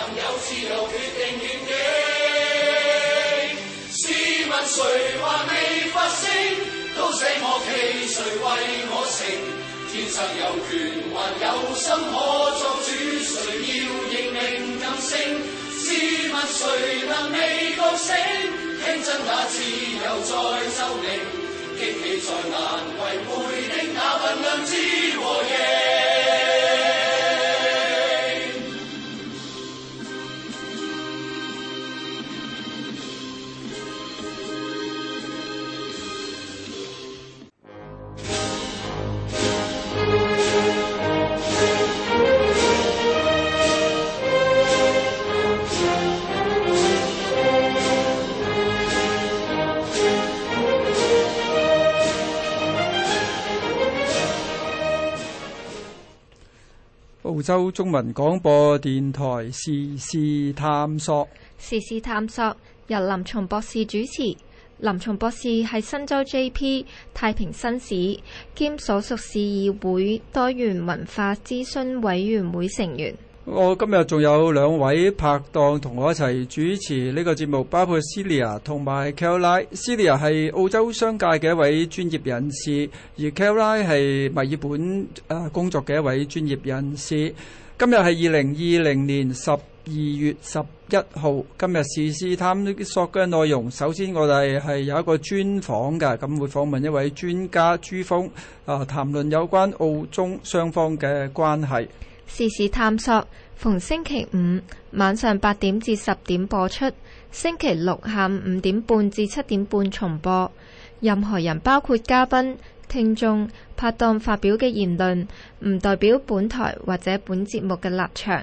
能有自由決定遠景，試問誰還未發聲？都寫我奇，誰為我成？天上有權，還有心可做主，誰要認命任性？試問誰能未覺醒？聽真那自由再奏鳴，激起再難為回的那份良知和應。澳州中文廣播電台時事探索，時事探索由林松博士主持。林松博士係新州 J.P. 太平紳士兼所屬市議會多元文化諮詢委員會成員。我今日仲有兩位拍檔同我一齊主持呢個節目，包括 Silia 同埋 Kelly。Silia 係澳洲商界嘅一位專業人士，而 Kelly 係墨爾本誒工作嘅一位專業人士。今日係二零二零年十二月十一號。今日時事探索嘅內容，首先我哋係有一個專訪嘅，咁會訪問一位專家朱峰，誒談論有關澳中雙方嘅關係。時事探索，逢星期五晚上八點至十點播出，星期六下午五點半至七點半重播。任何人，包括嘉賓、聽眾、拍檔發表嘅言論，唔代表本台或者本節目嘅立場，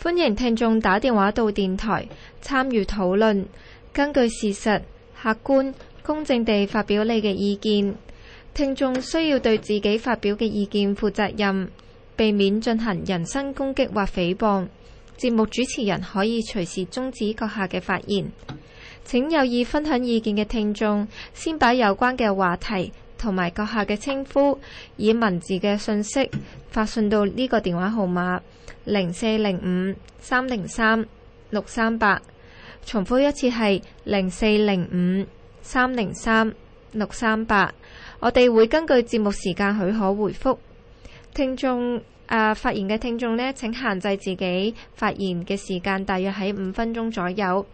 歡迎聽眾打電話到電台參與討論，根據事實、客觀、公正地發表你嘅意見，聽眾需要對自己發表嘅意見負責任，避免進行人身攻擊或誹謗，節目主持人可以隨時終止閣下嘅發言。請有意分享意見嘅聽眾，先把有關嘅話題同埋閣下嘅稱呼以文字嘅信息發信到呢個電話號碼零四零五三零三六三八，38，重複一次係零四零五三零三六三八。我哋會根據節目時間許可回覆。聽眾，誒、呃、發言嘅聽眾呢，請限制自己發言嘅時間大約喺五分鐘左右。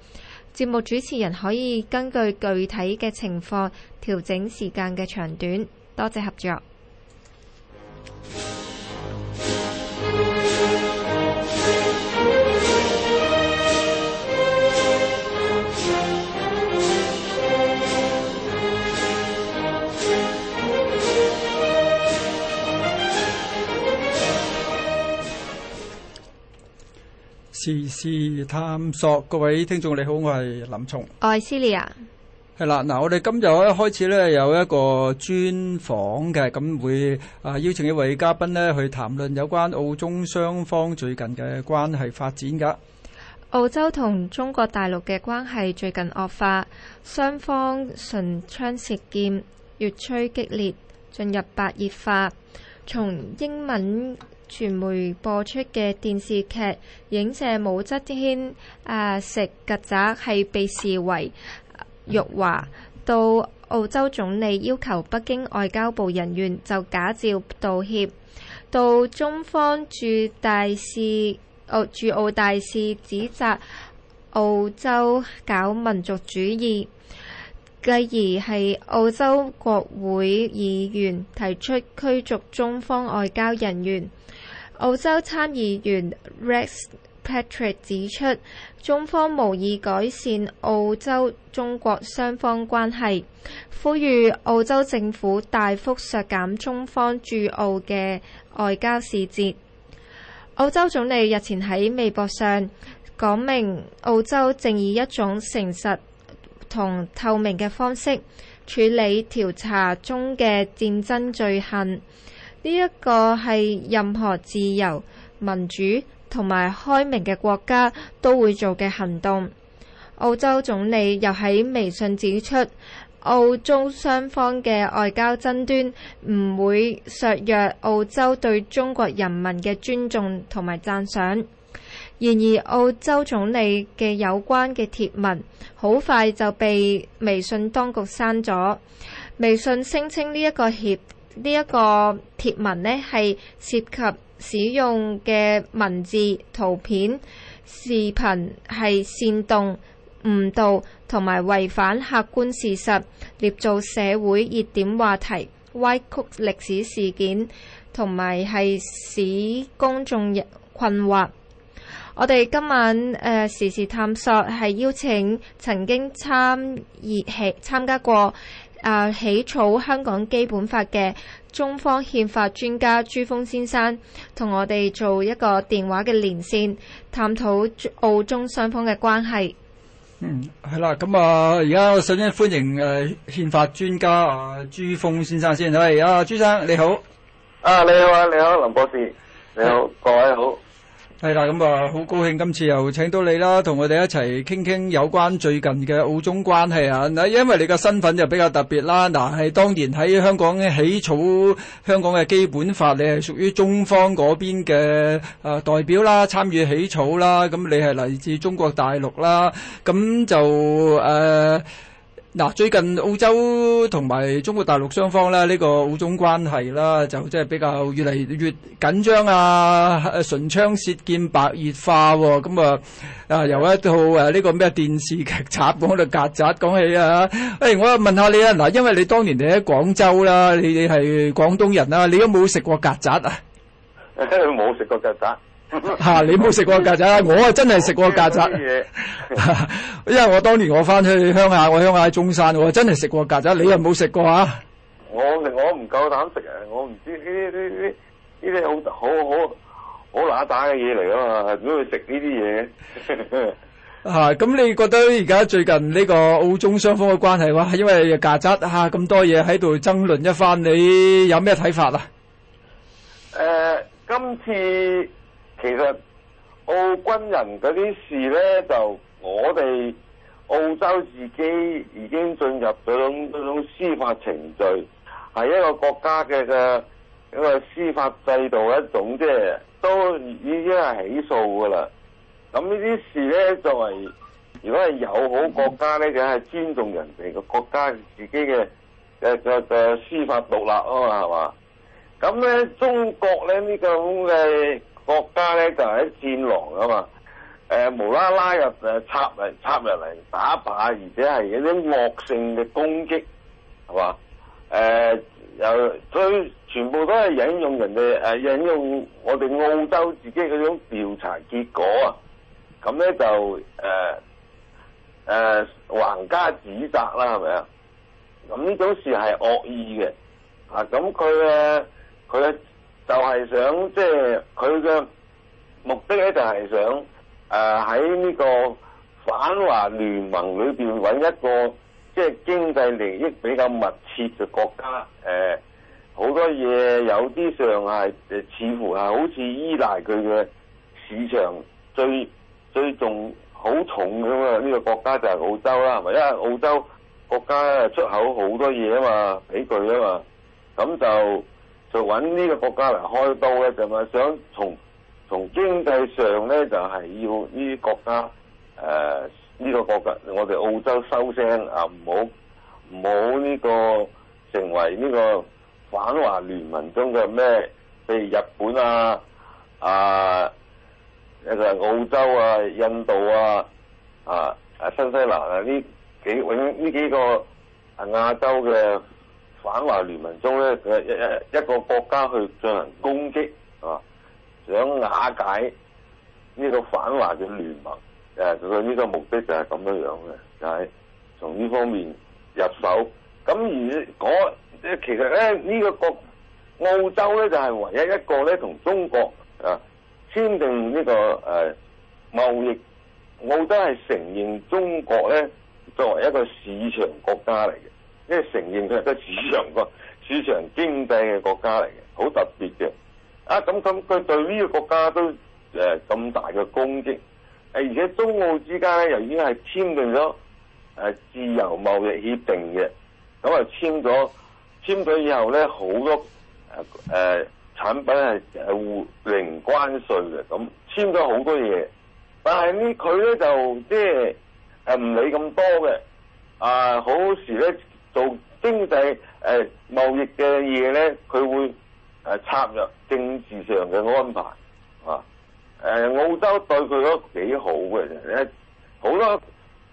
節目主持人可以根據具體嘅情況調整時間嘅長短。多謝合作。時事探索，各位聽眾你好，我係林松，我係 Celia。係啦，嗱，我哋今日一開始咧有一個專訪嘅，咁會啊邀請一位嘉賓咧去談論有關澳中雙方最近嘅關係發展噶。澳洲同中國大陸嘅關係最近惡化，雙方唇槍舌劍，越趨激烈，進入白熱化。從英文。傳媒播出嘅電視劇《影射武則天》，啊，食曱甴係被視為辱華。到澳洲總理要求北京外交部人員就假照道歉，到中方駐大使、澳、哦、駐澳大使指責澳洲搞民族主義，繼而係澳洲國會議員提出驅逐中方外交人員。澳洲參議員 Rex Patrick 指出，中方無意改善澳洲中國雙方關係，呼籲澳洲政府大幅削減中方駐澳嘅外交使節。澳洲總理日前喺微博上講明，澳洲正以一種誠實同透明嘅方式處理調查中嘅戰爭罪行。呢一個係任何自由民主同埋開明嘅國家都會做嘅行動。澳洲總理又喺微信指出，澳中雙方嘅外交爭端唔會削弱澳洲對中國人民嘅尊重同埋讚賞。然而，澳洲總理嘅有關嘅貼文好快就被微信當局刪咗。微信聲稱呢一個協。呢一個貼文呢，係涉及使用嘅文字、圖片、視頻係煽動、誤導同埋違反客觀事實，捏造社會熱點話題、歪曲歷史事件同埋係使公眾困惑。我哋今晚誒、呃、時事探索係邀請曾經參與起參加過。啊！起草香港基本法嘅中方憲法專家朱峰先生，同我哋做一個電話嘅連線，探討澳中雙方嘅關係、嗯。嗯，係啦，咁啊，而家首先歡迎誒憲、呃、法專家啊、呃、朱峰先生先，係啊朱生你好，啊你好，啊你好，林博士，你好的，各位好。係啦，咁啊，好、嗯、高興今次又請到你啦，同我哋一齊傾傾有關最近嘅澳中關係啊！嗱，因為你嘅身份就比較特別啦，嗱、嗯、係當年喺香港起草香港嘅基本法，你係屬於中方嗰邊嘅啊代表啦，參與起草啦，咁、嗯、你係嚟自中國大陸啦，咁、嗯、就誒。呃嗱，最近澳洲同埋中國大陸雙方咧呢個澳中關係啦，就即係比較越嚟越緊張啊！唇槍舌劍白熱化喎、啊，咁、嗯、啊啊由一套誒呢個咩電視劇插講到曱甴講起啊！誒、欸，我問下你啊，嗱，因為你當年你喺廣州啦、啊，你你係廣東人啊，你都冇食過曱甴啊？冇食過曱甴。吓！ 你冇食過曱甴，我係真係食過曱甴。嘢！ 因為我當年我返去鄉下，我鄉下喺中山，我真係食過曱甴。你又冇食過 啊？我我唔夠膽食啊！我唔知呢啲呢啲呢啲好好好好乸蛋嘅嘢嚟㗎嘛！點會食呢啲嘢？吓！咁你覺得而家最近呢個澳中雙方嘅關係哇？因為曱甴吓咁多嘢喺度爭論一番，你有咩睇法啊？誒、呃，今次。其實澳軍人嗰啲事咧，就我哋澳洲自己已經進入咗種種司法程序，係一個國家嘅嘅一個司法制度一種即係都已經係起訴噶啦。咁呢啲事咧，作為如果係友好國家咧，就係尊重人哋嘅國家自己嘅誒誒誒司法獨立啊嘛，係嘛？咁咧中國咧呢個咁嘅。國家咧就係啲戰狼啊嘛，誒無啦啦入誒插嚟插入嚟打靶，而且係有啲惡性嘅攻擊，係嘛？誒、嗯、又所以全部都係引用人哋誒、啊、引用我哋澳洲自己嗰種調查結果、嗯呃呃、啊，咁咧就誒誒橫加指責啦，係咪啊？咁呢種事係惡意嘅，啊咁佢嘅佢嘅。就係想即係佢嘅目的咧，就係想誒喺呢個反華聯盟裏邊揾一個即係、即係、經濟利益比較密切嘅國家。誒、呃、好多嘢有啲上係似乎係好似依賴佢嘅市場最最重好重咁嘛。呢、呢個國家就係澳洲啦，係咪？因為澳洲國家出口好多嘢啊嘛，俾佢啊嘛，咁就。就揾呢個國家嚟開刀嘅，就咪、是、想從從經濟上咧，就係、是、要呢國家誒呢、呃這個國家，我哋澳洲收聲啊，唔好唔好呢個成為呢個反華聯盟中嘅咩？譬如日本啊啊，其實澳洲啊、印度啊啊、新西蘭啊呢幾揾呢幾個亞洲嘅。反華聯盟中咧，佢係一一個國家去進行攻擊啊，想瓦解呢個反華嘅聯盟，誒佢呢個目的就係咁樣樣嘅，就係從呢方面入手。咁而嗰，誒其實咧呢個國澳洲咧就係唯一一個咧同中國誒簽訂呢個誒貿易，澳洲係承認中國咧作為一個市場國家嚟嘅。即係承認佢係個市場、個市場經濟嘅國家嚟嘅，好特別嘅。啊，咁咁佢對呢個國家都誒咁、呃、大嘅貢獻，誒而且中澳之間咧又已經係簽定咗誒自由貿易協定嘅，咁、嗯、啊簽咗簽咗以後咧好多誒誒、呃、產品係係互零關稅嘅，咁、嗯、簽咗好多嘢，但係、嗯、呢佢咧就即係誒唔理咁多嘅，啊好時咧。做經濟誒貿易嘅嘢咧，佢會誒、呃、插入政治上嘅安排啊！誒、呃、澳洲對佢都幾好嘅，其實好多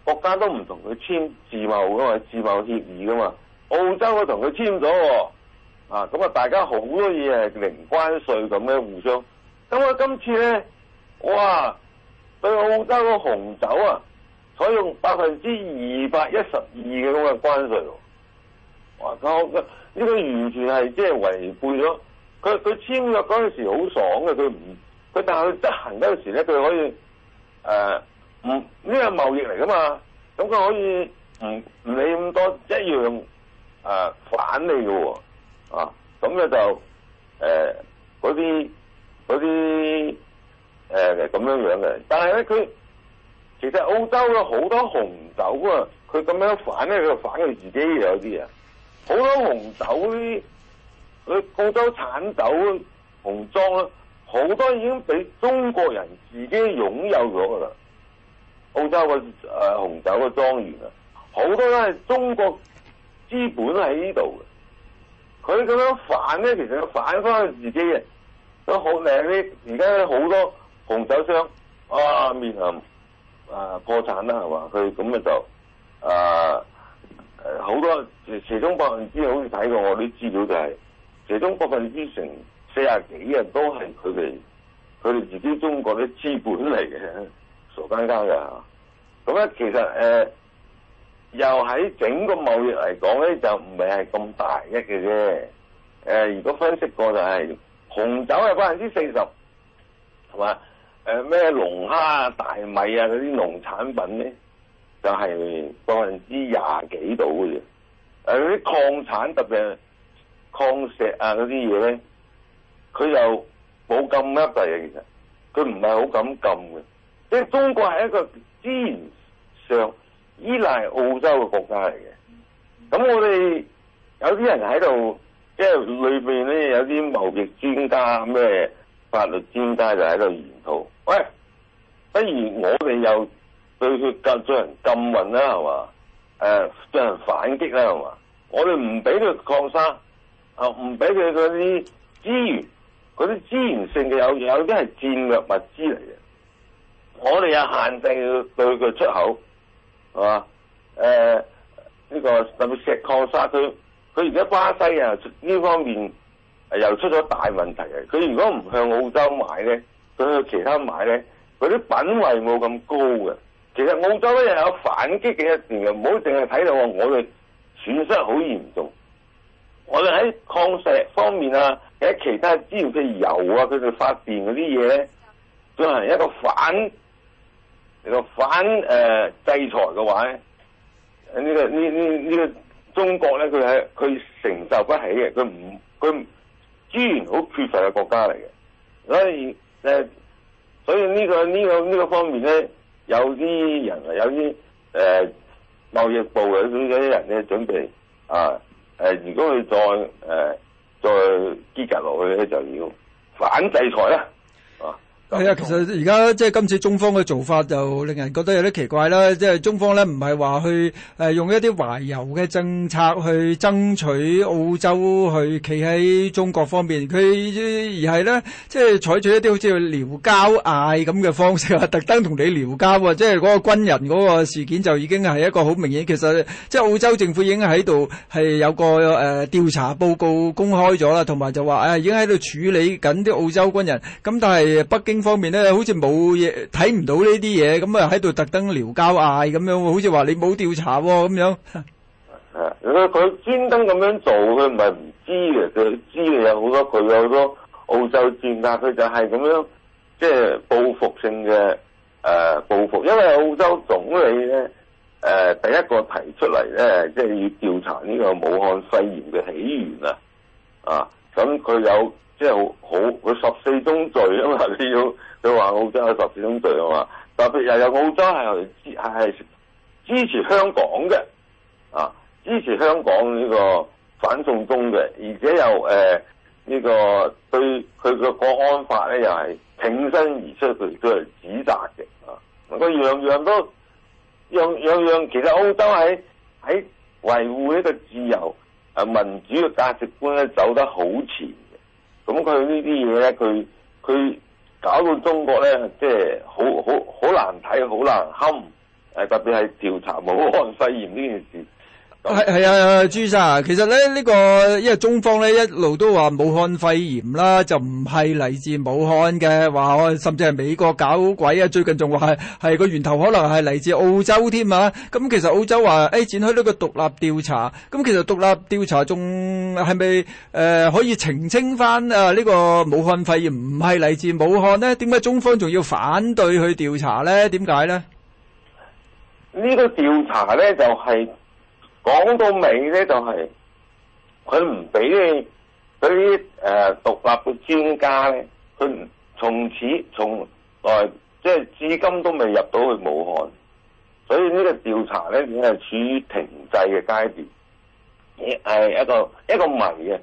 國家都唔同佢簽自貿噶嘛，自貿協議噶嘛。澳洲都同佢簽咗啊！咁啊，大家好多嘢係零關稅咁樣互相。咁啊，今次咧，哇！對澳洲個紅酒啊，採用百分之二百一十二嘅咁嘅關稅喎。哇！佢佢呢個完全係即係違背咗佢。佢簽約嗰陣時好爽嘅，佢唔佢，但係佢執行嗰陣時咧，佢可以誒唔呢個貿易嚟噶嘛？咁佢可以唔唔理咁多一樣誒反你嘅喎啊！咁咧就誒嗰啲嗰啲誒咁樣樣嘅，但係咧佢其實澳洲有好多紅酒啊！佢咁樣反咧，佢就反佢自己有啲啊～好多紅酒啲，嗰澳洲產酒紅莊啦，好多已經俾中國人自己擁有咗噶啦。澳洲個誒、呃、紅酒嘅莊園啊，好多都係中國資本喺呢度嘅。佢咁樣反咧，其實要反翻去自己嘅都好靚啲。而家好多紅酒商啊面臨啊破產啦，係嘛？佢咁咪就啊。誒好多，其中百分之好似睇過我啲資料就係、是，其中百分之成四啊幾嘅都係佢哋，佢哋自己中國啲資本嚟嘅，傻更更嘅。咁咧其實誒、呃，又喺整個貿易嚟講咧就唔係係咁大一嘅啫，誒、呃、如果分析過就係、是、紅酒係百分之四十，係嘛？誒、呃、咩龍蝦、大米啊嗰啲農產品咧？就係百分之廿幾度嘅嘢，誒啲礦產特別係礦石啊嗰啲嘢咧，佢又冇咁厄第嘅，其實佢唔係好敢禁嘅，即係中國係一個資源上依賴澳洲嘅國家嚟嘅。咁我哋有啲人喺度，即係裏邊咧有啲貿易專家咩法律專家就喺度研討，喂，不如我哋又對佢進行禁運啦，係嘛？誒，進行反擊啦，係嘛？我哋唔俾佢礦砂，唔俾佢嗰啲資源，嗰啲資源性嘅有有啲係戰略物資嚟嘅。我哋有限定對佢出口，係嘛？誒、呃，呢、呢個特別石礦砂，佢佢而家巴西啊呢方面又出咗大問題嘅。佢如果唔向澳洲買咧，佢去其他買咧，嗰啲品位冇咁高嘅。其實澳洲咧又有反擊嘅一段嘅，唔好淨係睇到我哋損失好嚴重，我哋喺礦石方面啊，喺其他資源譬如油啊、佢哋發電嗰啲嘢，進行一個反，個反誒、呃、制裁嘅話咧，呢、呢個呢呢呢個中國咧，佢係佢承受不起嘅，佢唔佢資源好缺乏嘅國家嚟嘅，所以誒、呃，所以呢、呢個呢、呢個呢、呢個方面咧。有啲人啊，有啲誒、呃、貿易部嘅嗰啲嗰啲人咧，準備啊誒、呃，如果佢再誒、呃、再堅持落去咧，就要反制裁啦。係啊，其實而家即係今次中方嘅做法就令人覺得有啲奇怪啦。即係中方咧，唔係話去誒、呃、用一啲懷柔嘅政策去爭取澳洲去企喺中國方面，佢而係咧即係採取一啲好似撩交嗌咁嘅方式，啊，特登同你撩交啊！即係個軍人個事件就已經係一個好明顯，其實即係澳洲政府已經喺度係有個誒調、呃、查報告公開咗啦，同埋就話誒、啊、已經喺度處理緊啲澳洲軍人。咁但係北京方面咧，好似冇嘢睇唔到呢啲嘢，咁啊喺度特登撩交嗌咁樣好似話你冇調查咁、哦、樣誒，佢佢、啊、專登咁樣做，佢唔係唔知嘅，佢知有好多，佢有好多澳洲戰，但佢就係咁樣即係、就是、報復性嘅誒、呃、報復，因為澳洲總理咧誒、呃、第一個提出嚟咧，即、就、係、是、要調查呢個武漢肺炎嘅起源啊啊！咁、嗯、佢有。即係好，佢十四宗罪啊嘛！你要佢話澳洲有十四宗罪啊嘛，特別又有澳洲係支係係支持香港嘅啊，支持香港呢個反送中嘅，而且又誒呢個對佢個國安法咧又係挺身而出去，佢都嚟指責嘅啊！佢樣樣都樣樣樣，其實澳洲喺喺維護呢個自由啊民主嘅價值觀咧走得好前。咁佢呢啲嘢咧，佢佢、嗯、搞到中國咧，即係好好好難睇，好難堪，誒，特別係調查武漢肺炎呢件事。係係啊，朱生啊，其實咧呢、呢個因為中方咧一路都話武漢肺炎啦，就唔係嚟自武漢嘅話，甚至係美國搞鬼啊，最近仲話係係個源頭可能係嚟自澳洲添啊。咁、嗯、其實澳洲話誒、哎、展開呢個獨立調查，咁、嗯、其實獨立調查仲係咪誒可以澄清翻啊呢、呢個武漢肺炎唔係嚟自武漢呢？點解中方仲要反對去調查咧？點解咧？呢個調查咧就係、是。講到尾咧，就係佢唔俾佢啲誒獨立嘅專家咧，佢從此從來即係至今都未入到去武漢，所以呢個調查咧已經係處於停滯嘅階段，係一個一個謎嘅。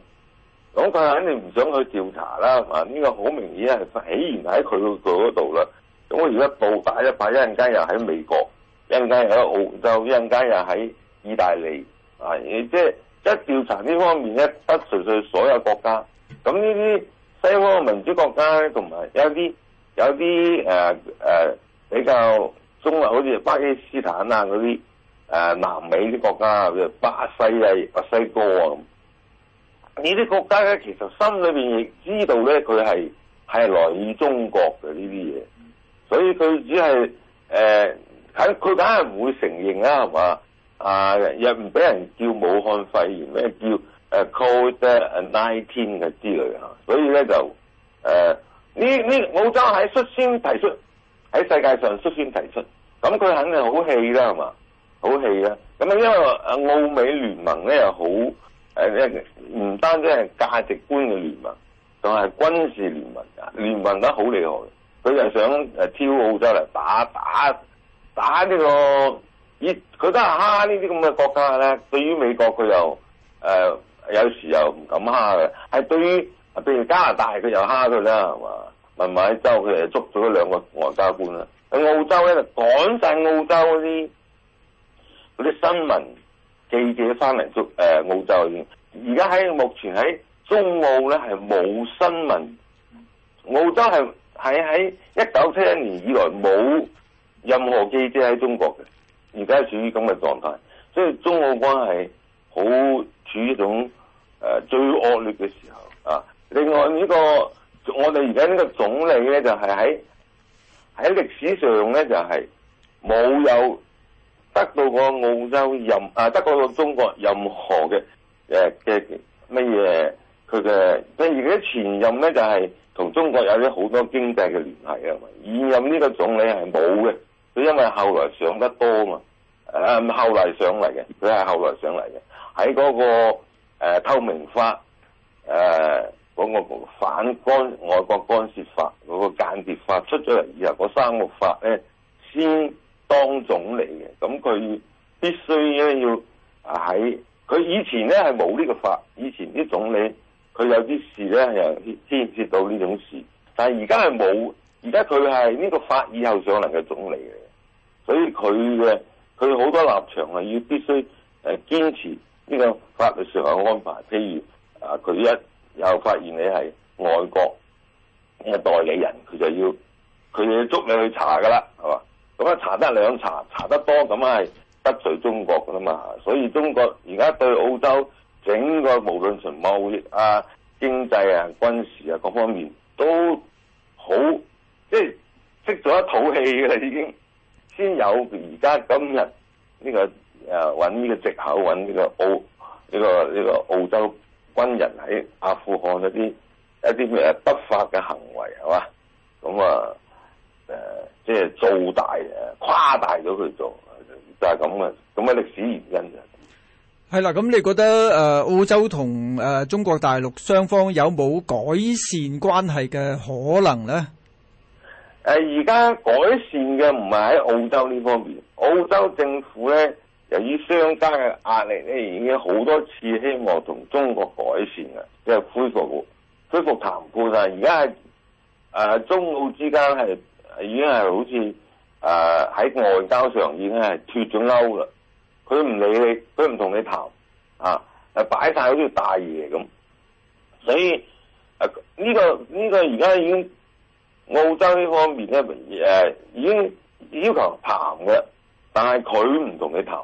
咁佢肯定唔想去調查啦，係呢個好明顯係起源喺佢嗰度啦。咁我而家暴打一排，一陣間又喺美國，一陣間又喺澳洲，一陣間又喺。意大利啊，亦即係一調查呢方面咧，不純粹所有國家。咁呢啲西方民主國家咧，同埋有啲有啲誒誒比較中立，好似巴基斯坦啊嗰啲誒南美啲國家，譬如巴西啊、墨西哥啊咁。呢啲國家咧，其實心裏邊亦知道咧，佢係係來自中國嘅呢啲嘢，所以佢只係誒，肯佢梗係唔會承認啦，係嘛？啊！又唔俾人叫武漢肺炎咩叫誒 Covid 19嘅之類嚇，所以咧就誒呢呢澳洲喺率先提出喺世界上率先提出，咁、嗯、佢肯定好氣啦，係嘛？好氣啊！咁、嗯、啊，因為誒澳美聯盟咧又好誒，唔、uh, 單止係價值觀嘅聯盟，仲係軍事聯盟㗎，聯盟得好厲害，佢又想誒挑澳洲嚟打打打呢個。佢都係蝦呢啲咁嘅國家咧，對於美國佢又誒有時又唔敢蝦嘅，係對於譬如加拿大，佢又蝦佢啦，係嘛？密麻州佢誒捉咗兩個外交官啦，喺、啊、澳洲咧就趕晒澳洲嗰啲啲新聞記者翻嚟捉誒澳洲。而家喺目前喺中澳咧係冇新聞，澳洲係喺喺一九七一年以來冇任何記者喺中國嘅。而家係處於咁嘅狀態，所以中澳關係好處於一種誒、呃、最惡劣嘅時候啊！另外呢、呢個我哋而家呢個總理咧，就係喺喺歷史上咧，就係、是、冇有得到過澳洲任啊，得到過、過中國任何嘅誒嘅乜嘢佢嘅，即係而家前任咧就係、是、同中國有啲好多經濟嘅聯繫啊嘛，現任呢個總理係冇嘅。佢因為後來上得多啊嘛，誒後嚟上嚟嘅，佢係後來上嚟嘅。喺嗰、那個、呃、透明法，誒、呃、嗰、那個反幹外國干涉法嗰、那個間諜法出咗嚟以後，嗰三個法咧先當總理嘅。咁佢必須咧要喺佢以前咧係冇呢個法，以前啲總理佢有啲事咧又牽涉到呢知知種事，但係而家係冇，而家佢係呢個法以後上嚟嘅總理嘅。所以佢嘅佢好多立場係要必須誒堅持呢個法律上嘅安排，譬如啊，佢一有發現你係外國嘅代理人，佢就要佢要捉你去查噶啦，係嘛？咁啊查得兩查，查得多咁啊係得罪中國噶啦嘛。所以中國而家對澳洲整個無論從貿易啊、經濟啊、軍事啊各方面都好即係積咗一肚氣嘅啦，已經。先有而家今日呢，呢個誒，搵，啊、呢個藉口，搵呢個澳呢，呢個呢，呢個澳洲軍人喺阿富汗一啲一啲誒不法嘅行為係嘛？咁啊誒，即，呃、係、就是、做大誒誇大咗佢做，就係咁嘅。咁啊歷史原因啊，係啦。咁你覺得誒、呃、澳洲同誒、呃、中國大陸雙方有冇改善關係嘅可能咧？誒，而家改善嘅唔係喺澳洲呢方面，澳洲政府咧，由於商家嘅壓力咧，已經好多次希望同中國改善嘅，即係恢復恢復談判。但而家誒，中澳之間係已經係好似誒喺外交上已經係脫咗鈎啦，佢唔理你，佢唔同你談啊，誒擺晒好似大嘢咁，所以誒呢個呢個而家已經。澳洲呢方面咧，誒已經要求談嘅，但係佢唔同你談，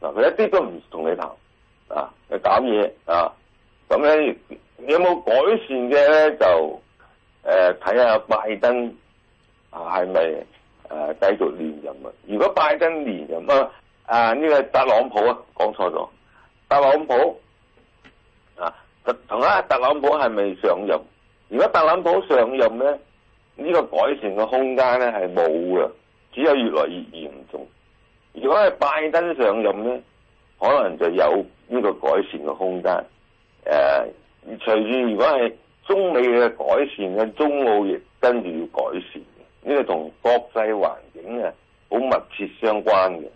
嗱佢一啲都唔同你談啊，你搞嘢啊，咁咧有冇改善嘅咧？就誒睇下拜登啊，係咪誒繼續連任啊？如果拜登連任啊，啊呢個特朗普啊講錯咗，特朗普啊，同啊特朗普係咪、啊、上任？如果特朗普上任咧？呢個改善嘅空間咧係冇嘅，只有越來越嚴重。如果係拜登上任咧，可能就有呢個改善嘅空間。誒、呃，隨住如果係中美嘅改善嘅，中澳亦跟住要改善。呢、呢個同國際環境啊，好密切相關嘅。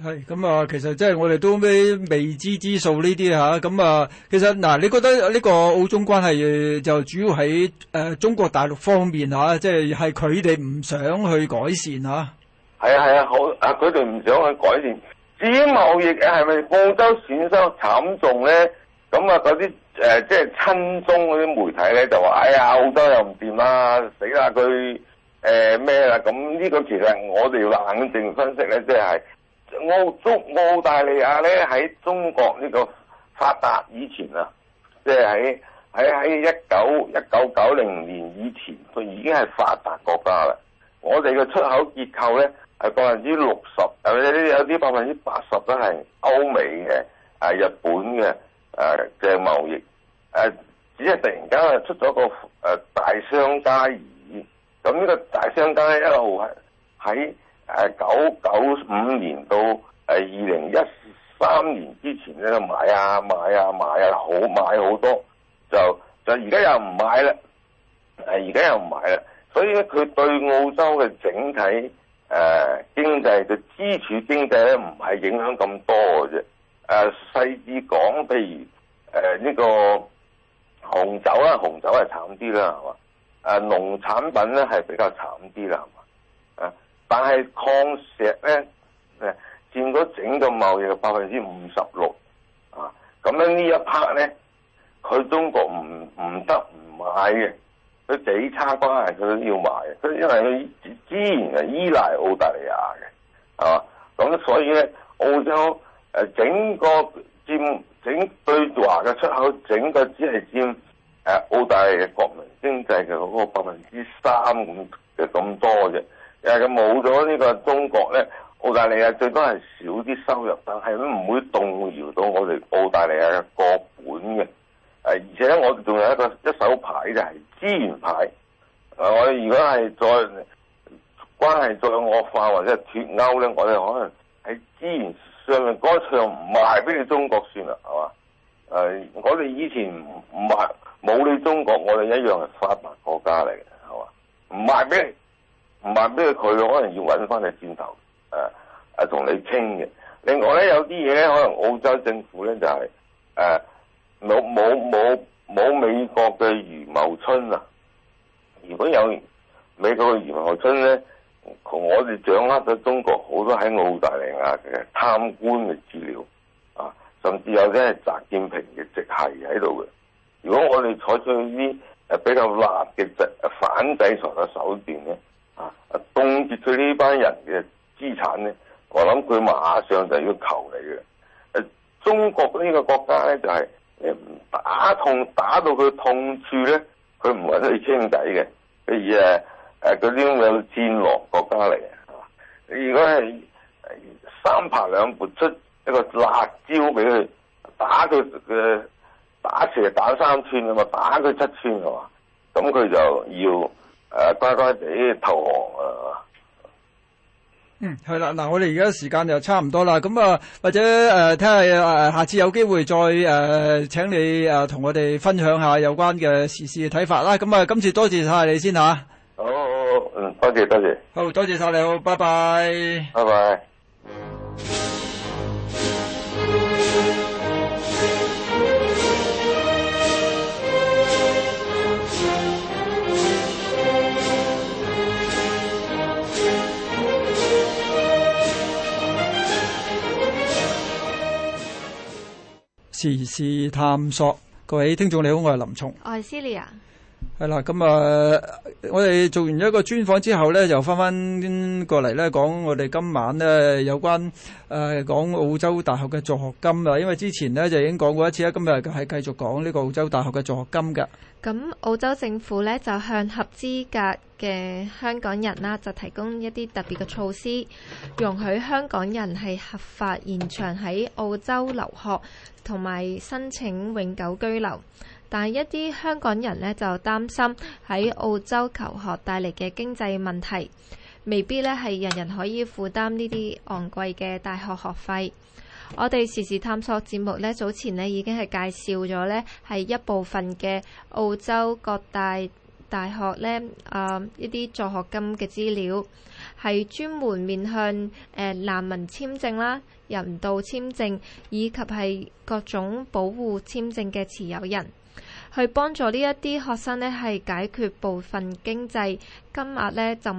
係咁啊，其實即係我哋都啲未知之數呢啲吓，咁、嗯、啊、嗯，其實嗱、嗯，你覺得呢個澳中關係就主要喺誒、呃、中國大陸方面吓、啊，即係係佢哋唔想去改善吓。係啊係啊，好啊，佢哋唔想去改善。至於貿易係咪澳洲損失慘重咧？咁、嗯、啊，嗰啲誒即係親中嗰啲媒體咧，就話哎呀澳洲又唔掂啦，死啦佢誒咩啦？咁呢個其實我哋要冷靜分析咧，即係。澳洲、澳大利亞咧喺中國呢個發達以前啊，即係喺喺喺一九一九九零年以前，佢已經係發達國家啦。我哋嘅出口結構咧係百分之六十，有啲有啲百分之八十都係歐美嘅、啊日本嘅、誒、呃、嘅貿易誒、呃，只係突然間出咗個誒、呃、大商家而已。咁呢個大商家一路喺喺。誒九九五年到誒二零一三年之前咧買啊買啊買啊好買好多，就就而家又唔買啦，誒而家又唔買啦，所以咧佢對澳洲嘅整體誒、啊、經濟嘅支柱經濟咧唔係影響咁多嘅啫。誒、啊、細緻講，譬如誒呢、啊這個紅酒啦，紅酒係慘啲啦，係嘛？誒農產品咧係比較慘啲啦，係嘛？但係礦石咧，誒佔咗整個貿易嘅百分之五十六啊！咁樣呢一 part 咧，佢中國唔唔得唔買嘅，佢幾差關係佢都要買，佢因為佢資源係依賴澳大利亞嘅啊，咁所以咧澳洲誒整個佔整對華嘅出口，整個，整個只係佔誒澳大利亞國民經濟嘅嗰個百分之三咁嘅咁多嘅。又冇咗呢個中國咧，澳大利亞最多係少啲收入，但係都唔會動搖到我哋澳大利亞嘅國本嘅。誒，而且我哋仲有一個一手牌就係資源牌。我哋如果係再關係再惡化或者脱歐咧，我哋可能喺資源上面嗰一場唔賣俾你中國算啦，係嘛？誒，我哋以前唔賣冇你中國，我哋一樣係發達國,國家嚟嘅，係嘛？唔賣俾你。唔賣俾佢，佢可能要揾翻你轉頭，誒誒同你傾嘅。另外咧，有啲嘢咧，可能澳洲政府咧就係誒冇冇冇冇美國嘅余茂春啊！如果有美國嘅余茂春咧，同我哋掌握咗中國好多喺澳大利亞嘅貪官嘅資料啊，甚至有啲係習近平嘅直係喺度嘅。如果我哋採取啲誒比較辣嘅反制裁嘅手段咧，凍結佢呢班人嘅資產咧，我諗佢馬上就要求你嘅。誒、啊，中國呢個國家咧就係、是、誒打痛打到佢痛處咧，佢唔係去傾偈嘅，佢而係誒嗰啲咁樣戰狼國家嚟嘅。係、啊、嘛，你如果係、啊、三拍兩撥出一個辣椒俾佢打佢嘅、啊、打蛇打三寸啊嘛，打佢七寸係嘛，咁佢就要。誒、呃，乖乖地投降啊！呃、嗯，係啦，嗱，我哋而家時間就差唔多啦，咁啊，或者誒，聽下誒，下次有機會再誒、呃，請你誒同、呃、我哋分享下有關嘅時事嘅睇法啦，咁啊，今次多謝晒你先吓、啊。好，嗯，多謝多謝，好多謝晒你，好，拜拜。拜拜。時事探索，各位聽眾你好，我係林松，我係 Celia，係啦，咁啊，我哋做完一個專訪之後咧，又翻翻過嚟咧，講我哋今晚咧有關誒講澳洲大學嘅助學金啊，因為之前咧就已經講過一次啦，今日係繼續講呢個澳洲大學嘅助學金噶。咁澳洲政府咧就向合資格嘅香港人啦，就提供一啲特別嘅措施，容許香港人係合法延長喺澳洲留學同埋申請永久居留。但係一啲香港人咧就擔心喺澳洲求學帶嚟嘅經濟問題，未必咧係人人可以負擔呢啲昂貴嘅大學學費。我哋時事探索節目呢，早前呢已經係介紹咗呢，係一部分嘅澳洲各大大學呢，啊、呃、一啲助學金嘅資料，係專門面向誒難、呃、民簽證啦、人道簽證以及係各種保護簽證嘅持有人，去幫助呢一啲學生呢，係解決部分經濟金額呢，就。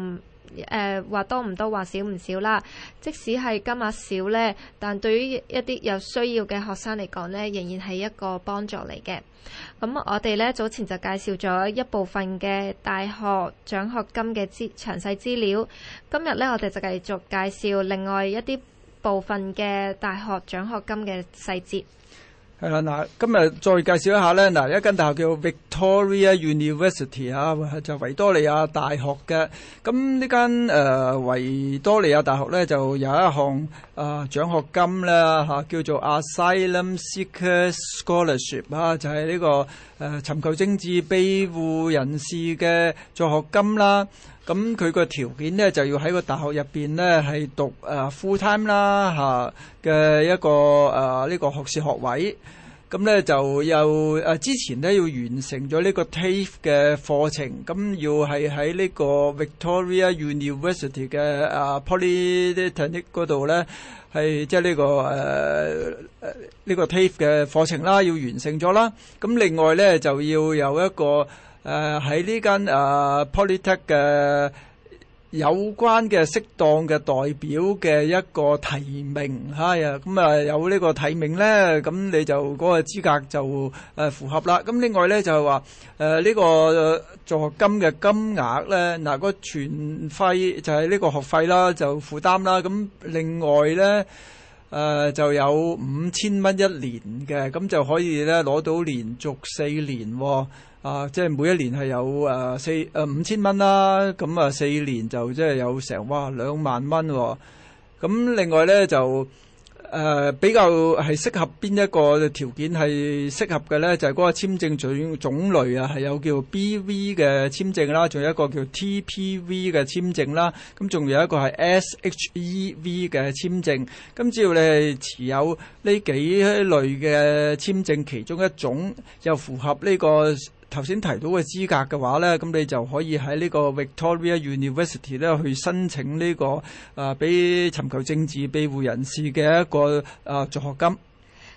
誒，話、呃、多唔多，話少唔少啦。即使係金額少呢，但對於一啲有需要嘅學生嚟講呢，仍然係一個幫助嚟嘅。咁、嗯、我哋呢，早前就介紹咗一部分嘅大學獎學金嘅資詳細資料，今日呢，我哋就繼續介紹另外一啲部分嘅大學獎學金嘅細節。係啦，嗱，今日再介紹一下咧，嗱，一間大學叫 Victoria University 啊，就維多利亞大學嘅。咁呢間誒維多利亞大學咧，就有一項誒獎學金咧嚇，叫做 Asylum Seeker Scholarship 啊，就係呢個誒尋求政治庇護人士嘅助學金啦。咁佢個條件咧就要喺個大學入邊咧係讀誒、呃、full time 啦嚇嘅一個誒呢、呃呢個學士學位。咁、嗯、咧就又誒、啊、之前咧要完成咗呢個 TAFE 嘅課程，咁要係喺呢個 Victoria University 嘅啊 Polytechnic 嗰度咧係即係呢個誒呢個 TAFE 嘅課程啦，要完成咗啦。咁、嗯啊這個呃這個啊嗯、另外咧就要有一個。誒喺呢間、uh, 誒、uh, Polytech 嘅、uh, 有關嘅適當嘅代表嘅一個提名，係、uh, 啊、yeah，咁、uh, 啊有呢個提名咧，咁你就嗰、那個資格就誒、uh, 符合啦。咁另外咧就係話誒呢個助學金嘅金額咧，嗱、啊、個全費就係呢個學費啦，就負擔啦。咁另外咧誒、啊、就有五千蚊一年嘅，咁就可以咧攞到連續四年、哦。啊，即係每一年係有誒、呃、四誒、呃、五千蚊啦，咁、嗯、啊四年就即係有成哇兩萬蚊喎、哦。咁、嗯、另外咧就誒、呃、比較係適合邊一個條件係適合嘅咧，就係、是、嗰個簽證種種類啊，係有叫 B.V. 嘅簽證啦，仲有一個叫 T.P.V. 嘅簽證啦，咁、嗯、仲有一個係 S.H.E.V. 嘅簽證。咁、嗯、只要你係持有呢幾類嘅簽證其中一種，又符合呢、這個。頭先提到嘅資格嘅話呢，咁你就可以喺呢個 Victoria University 咧去申請呢、這個啊，俾、呃、尋求政治庇護人士嘅一個啊助學金。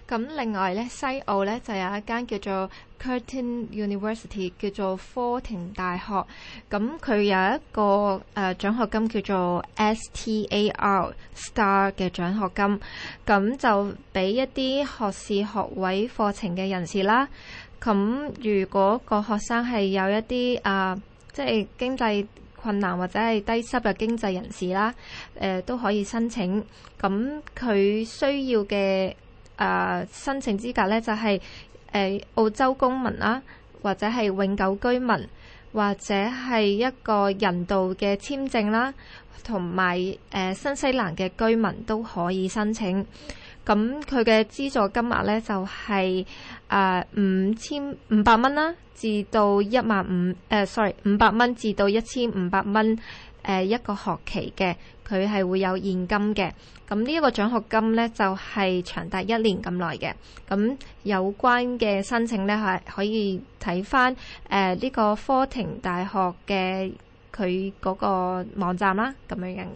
咁另外呢，西澳呢就有一間叫做 Curtin University，叫做科廷大學。咁佢有一個誒獎、呃、學金叫做 STAR, STAR Star 嘅獎學金，咁就俾一啲學士學位課程嘅人士啦。咁、嗯、如果個學生係有一啲啊，即、呃、係、就是、經濟困難或者係低收入經濟人士啦，誒、呃、都可以申請。咁、嗯、佢需要嘅啊、呃、申請資格呢，就係、是、誒、呃、澳洲公民啦，或者係永久居民，或者係一個人道嘅簽證啦，同埋誒新西蘭嘅居民都可以申請。咁佢嘅資助金額呢，就係、是、誒、呃、五千五百蚊啦，至到一萬五誒、呃、sorry 五百蚊至到一千五百蚊誒、呃、一個學期嘅，佢係會有現金嘅。咁呢一個獎學金呢，就係、是、長達一年咁耐嘅。咁有關嘅申請呢，係、啊、可以睇返誒呢個科廷大學嘅佢嗰個網站啦，咁樣樣。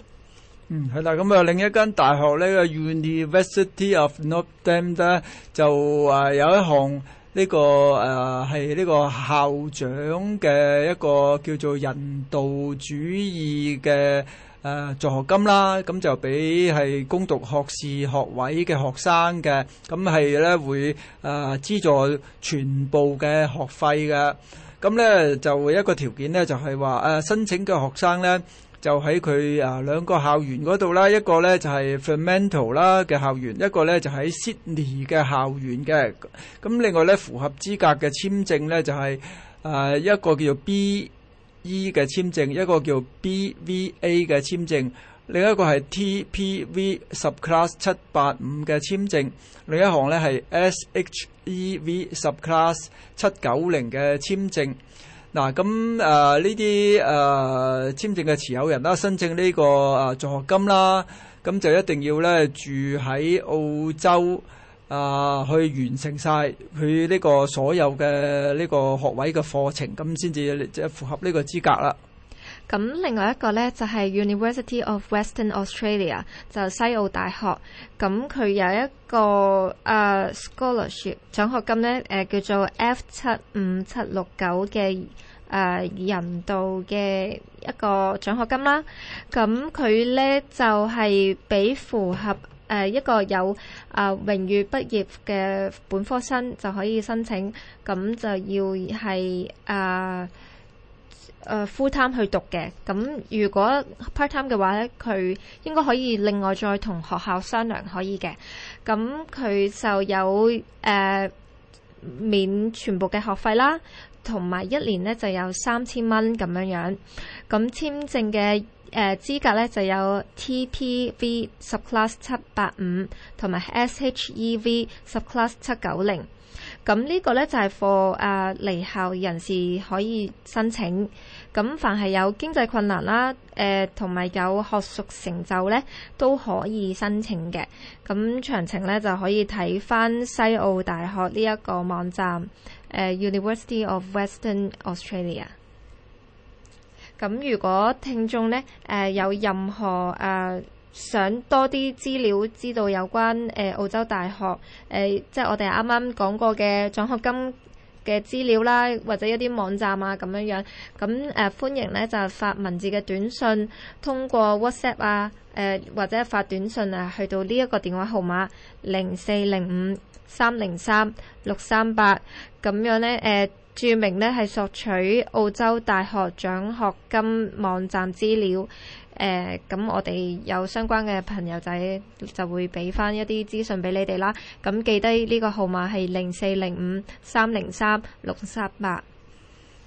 嗯，係啦，咁、嗯、啊，另一間大學呢個 University of Notre Dame 咧，就啊有一項呢、呢個誒係呢個校長嘅一個叫做人道主義嘅誒、啊、助學金啦，咁、啊、就俾係攻讀學士學位嘅學生嘅，咁係咧會誒、啊、資助全部嘅學費嘅，咁、啊、咧就一個條件咧就係話誒申請嘅學生咧。就喺佢啊兩個校園嗰度啦，一個呢就係 Fremantle 啦嘅校園，一個呢就喺 Sydney 嘅校園嘅。咁另外呢，符合資格嘅簽證呢，就係啊一個叫做 B.E 嘅簽證，一個叫 B.V.A 嘅簽證，另一個係 T.P.V subclass 七八五嘅簽證，另一行呢係 S.H.E.V subclass 七九零嘅簽證。嗱，咁誒呢啲誒簽證嘅持有人啦，申請呢個誒助學金啦，咁就一定要咧住喺澳洲啊，去完成晒佢呢個所有嘅呢個學位嘅課程，咁先至即係符合呢個資格啦。咁另外一個咧就係、是、University of Western Australia，就西澳大學。咁佢有一個誒、uh, scholarship 獎學金咧，誒、呃、叫做 F 七五七六九嘅誒人道嘅一個獎學金啦。咁佢咧就係、是、俾符合誒、呃、一個有誒、呃、榮譽畢業嘅本科生就可以申請，咁就要係誒。呃誒 fulltime 去讀嘅，咁如果 parttime 嘅話咧，佢應該可以另外再同學校商量可以嘅。咁佢就有誒免全部嘅學費啦，同埋一年咧就有三千蚊咁樣樣。咁簽證嘅誒資格咧就有 TPV 十 class 七八五，同埋 SHEV 十 class 七九零。咁呢個咧就係 for 啊離校人士可以申請，咁凡係有經濟困難啦，誒同埋有學術成就咧都可以申請嘅。咁詳情咧就可以睇翻西澳大學呢一個網站，呃、，University of Western Australia。咁如果聽眾咧誒、呃、有任何啊～、呃想多啲資料，知道有關誒、呃、澳洲大學誒、呃，即係我哋啱啱講過嘅獎學金嘅資料啦，或者一啲網站啊咁樣樣。咁、呃、誒歡迎呢就係發文字嘅短信，通過 WhatsApp 啊，誒、呃、或者發短信啊，去到呢一個電話號碼零四零五三零三六三八咁樣呢，誒註明呢係索取澳洲大學獎學金網站資料。誒咁，我哋有相關嘅朋友仔就會俾翻一啲資訊俾你哋啦。咁記得呢個號碼係零四零五三零三六三八。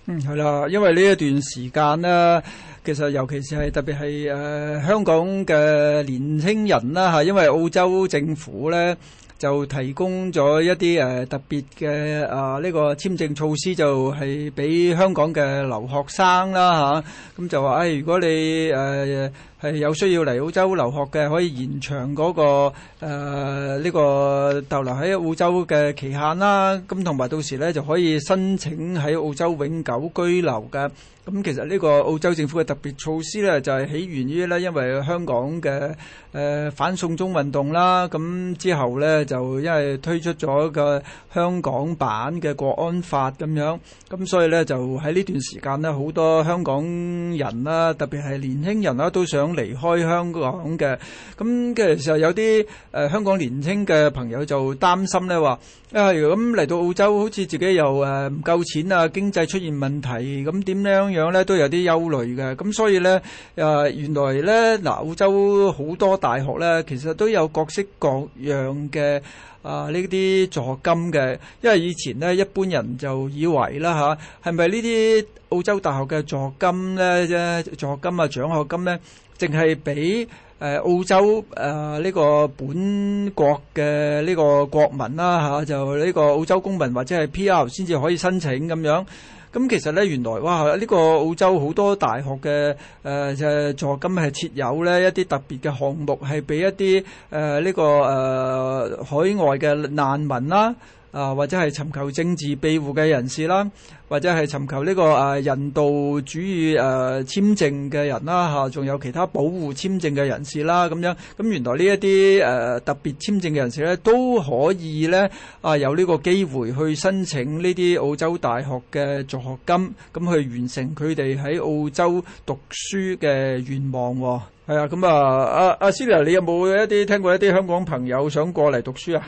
嗯，係啦，因為呢一段時間呢，其實尤其是係特別係誒、呃、香港嘅年輕人啦，係因為澳洲政府呢，就提供咗一啲誒、呃、特別嘅啊呢個簽證措施，就係俾香港嘅留學生啦吓，咁就話：誒、哎，如果你誒。呃係有需要嚟澳洲留學嘅，可以延長嗰個誒呢個逗留喺澳洲嘅期限啦。咁同埋到時咧就可以申請喺澳洲永久居留嘅。咁其實呢個澳洲政府嘅特別措施咧，就係起源於咧，因為香港嘅誒反送中運動啦。咁之後咧就因為推出咗個香港版嘅國安法咁樣，咁所以咧就喺呢段時間咧，好多香港人啦，特別係年輕人啦，都想，離開香港嘅咁嘅時候，有啲誒、呃、香港年輕嘅朋友就擔心咧，話啊，咁、哎、嚟到澳洲好似自己又誒唔、呃、夠錢啊，經濟出現問題咁點樣樣咧，都有啲憂慮嘅。咁所以咧誒、呃，原來咧嗱、呃，澳洲好多大學咧，其實都有各式各樣嘅啊呢啲助學金嘅，因為以前咧一般人就以為啦吓，係咪呢啲澳洲大學嘅助學金咧、即助學金啊、獎學金咧、啊？淨係俾誒澳洲誒呢、呃這個本國嘅呢個國民啦嚇、啊，就呢個澳洲公民或者係 P.R. 先至可以申請咁樣。咁、嗯、其實咧原來哇，呢、這個澳洲好多大學嘅誒誒助學金係設有咧一啲特別嘅項目，係俾一啲誒呢個誒、呃、海外嘅難民啦，啊或者係尋求政治庇護嘅人士啦。啊或者係尋求呢個誒人道主義誒、啊、簽證嘅人啦、啊、嚇，仲有其他保護簽證嘅人士啦、啊、咁樣。咁原來呢一啲誒特別簽證嘅人士咧，都可以咧啊有呢個機會去申請呢啲澳洲大學嘅助學金，咁去完成佢哋喺澳洲讀書嘅願望、哦。係啊，咁啊，阿、啊、阿 Sila，、啊、你有冇一啲聽過一啲香港朋友想過嚟讀書啊？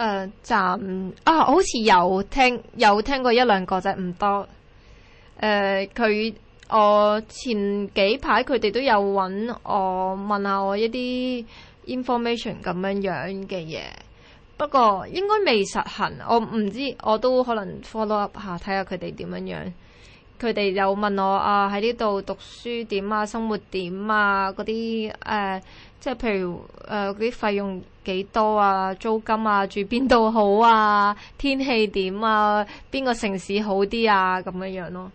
誒、uh, 站啊，我好似有聽有聽過一兩個啫，唔、就係、多。誒、uh, 佢我前幾排佢哋都有揾我問下我一啲 information 咁樣樣嘅嘢，不過應該未實行。我唔知，我都可能 follow up 下睇下佢哋點樣樣。佢哋有問我啊喺呢度讀書點啊，生活點啊嗰啲誒，即係譬如誒嗰啲費用。幾多啊？租金啊？住邊度好啊？天氣點啊？邊個城市好啲啊？咁樣樣咯。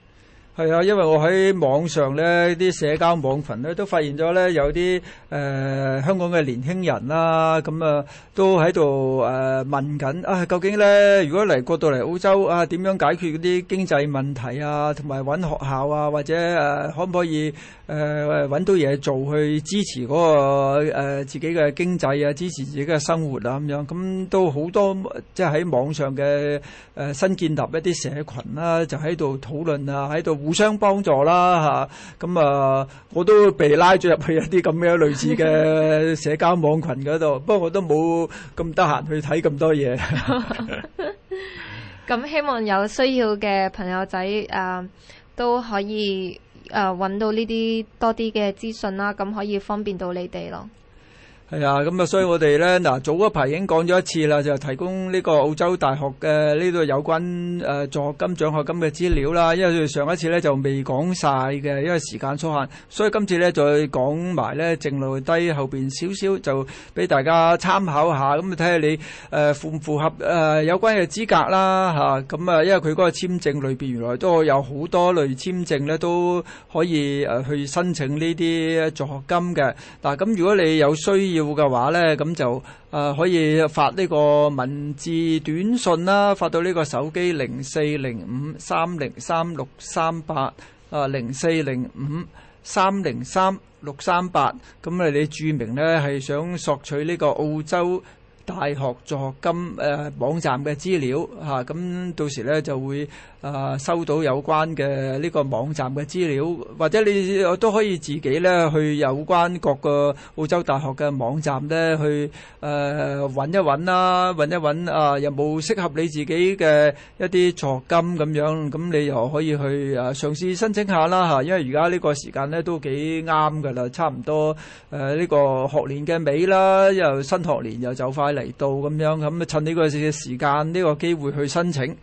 係啊，因為我喺網上咧，啲社交網群咧都發現咗咧，有啲誒、呃、香港嘅年輕人啦、啊，咁啊都喺度誒問緊啊，究竟咧如果嚟過到嚟澳洲啊，點樣解決啲經濟問題啊，同埋揾學校啊，或者誒、啊、可唔可以誒揾、呃、到嘢做去支持嗰、嗰個、呃、自己嘅經濟啊，支持自己嘅生活啊咁樣啊，咁都好多即係喺網上嘅誒、呃、新建立一啲社群啦、啊，就喺度討論啊，喺度。互相幫助啦嚇，咁啊，啊我都被拉咗入去一啲咁樣類似嘅社交網群嗰度， 不過我都冇咁得閒去睇咁多嘢。咁希望有需要嘅朋友仔啊都可以啊揾到呢啲多啲嘅資訊啦，咁可以方便到你哋咯。係啊，咁啊，所以我哋咧，嗱，早一排已經講咗一次啦，就提供呢個澳洲大學嘅呢度有關誒助學金、獎學金嘅資料啦。因為佢上一次咧就未講晒嘅，因為時間所限，所以今次咧再講埋咧剩落低後邊少少就俾大家參考下，咁啊睇下你誒符唔符合誒有關嘅資格啦，吓，咁啊，因為佢嗰個簽證裏邊原來都有好多類簽證咧都可以誒去申請呢啲助學金嘅。嗱，咁如果你有需要，要嘅話咧，咁就誒可以發呢個文字短信啦，發到呢個手機零四零五三零三六三八啊零四零五三零三六三八，咁誒你註明咧係想索取呢個澳洲。大學助學金誒、呃、網站嘅資料吓咁、啊、到時咧就會誒、呃、收到有關嘅呢個網站嘅資料，或者你都可以自己咧去有關各個澳洲大學嘅網站咧去誒揾、呃、一揾啦，揾一揾啊有冇適合你自己嘅一啲助學金，咁樣，咁你又可以去誒嘗試申請下啦吓、啊，因為而家呢個時間咧都幾啱㗎啦，差唔多誒呢、呃這個學年嘅尾啦，又新學年又就快。嚟到咁樣咁，趁呢個時間呢、呢個機會去申請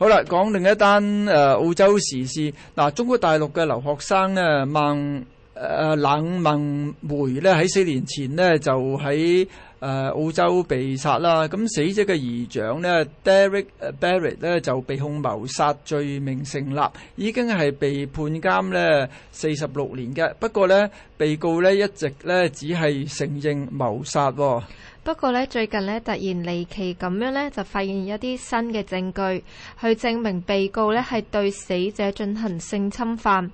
好啦。講另一單誒、呃，澳洲時事嗱、呃，中國大陸嘅留學生咧孟誒冷孟梅呢，喺、呃、四年前呢，就喺誒、呃、澳洲被殺啦。咁死者嘅姨丈呢 Derek Barrett 咧就被控謀殺罪名成立，已經係被判監呢四十六年嘅。不過呢，被告呢，一直呢，只係承認謀殺、哦。不過咧，最近咧突然離奇咁樣咧，就發現一啲新嘅證據，去證明被告咧係對死者進行性侵犯。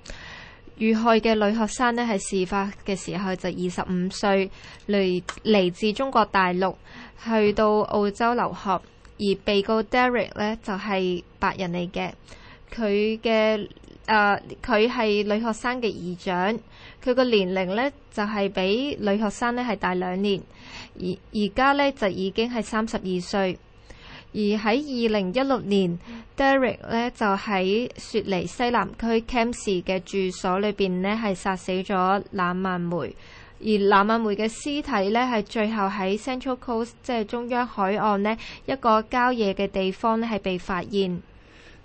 遇害嘅女學生咧係事發嘅時候就二十五歲，嚟嚟自中國大陸，去到澳洲留學，而被告 Derek 呢，就係白人嚟嘅，佢嘅。誒，佢係、uh, 女學生嘅姨丈，佢個年齡呢就係、是、比女學生呢係大兩年，而而家呢就已經係三十二歲。而喺二零一六年、mm hmm.，Derek 呢就喺雪梨西南區 Campsie 嘅住所裏邊呢係殺死咗冷孟梅，而冷孟梅嘅屍體呢係最後喺 Central Coast，即係中央海岸呢一個郊野嘅地方呢係被發現。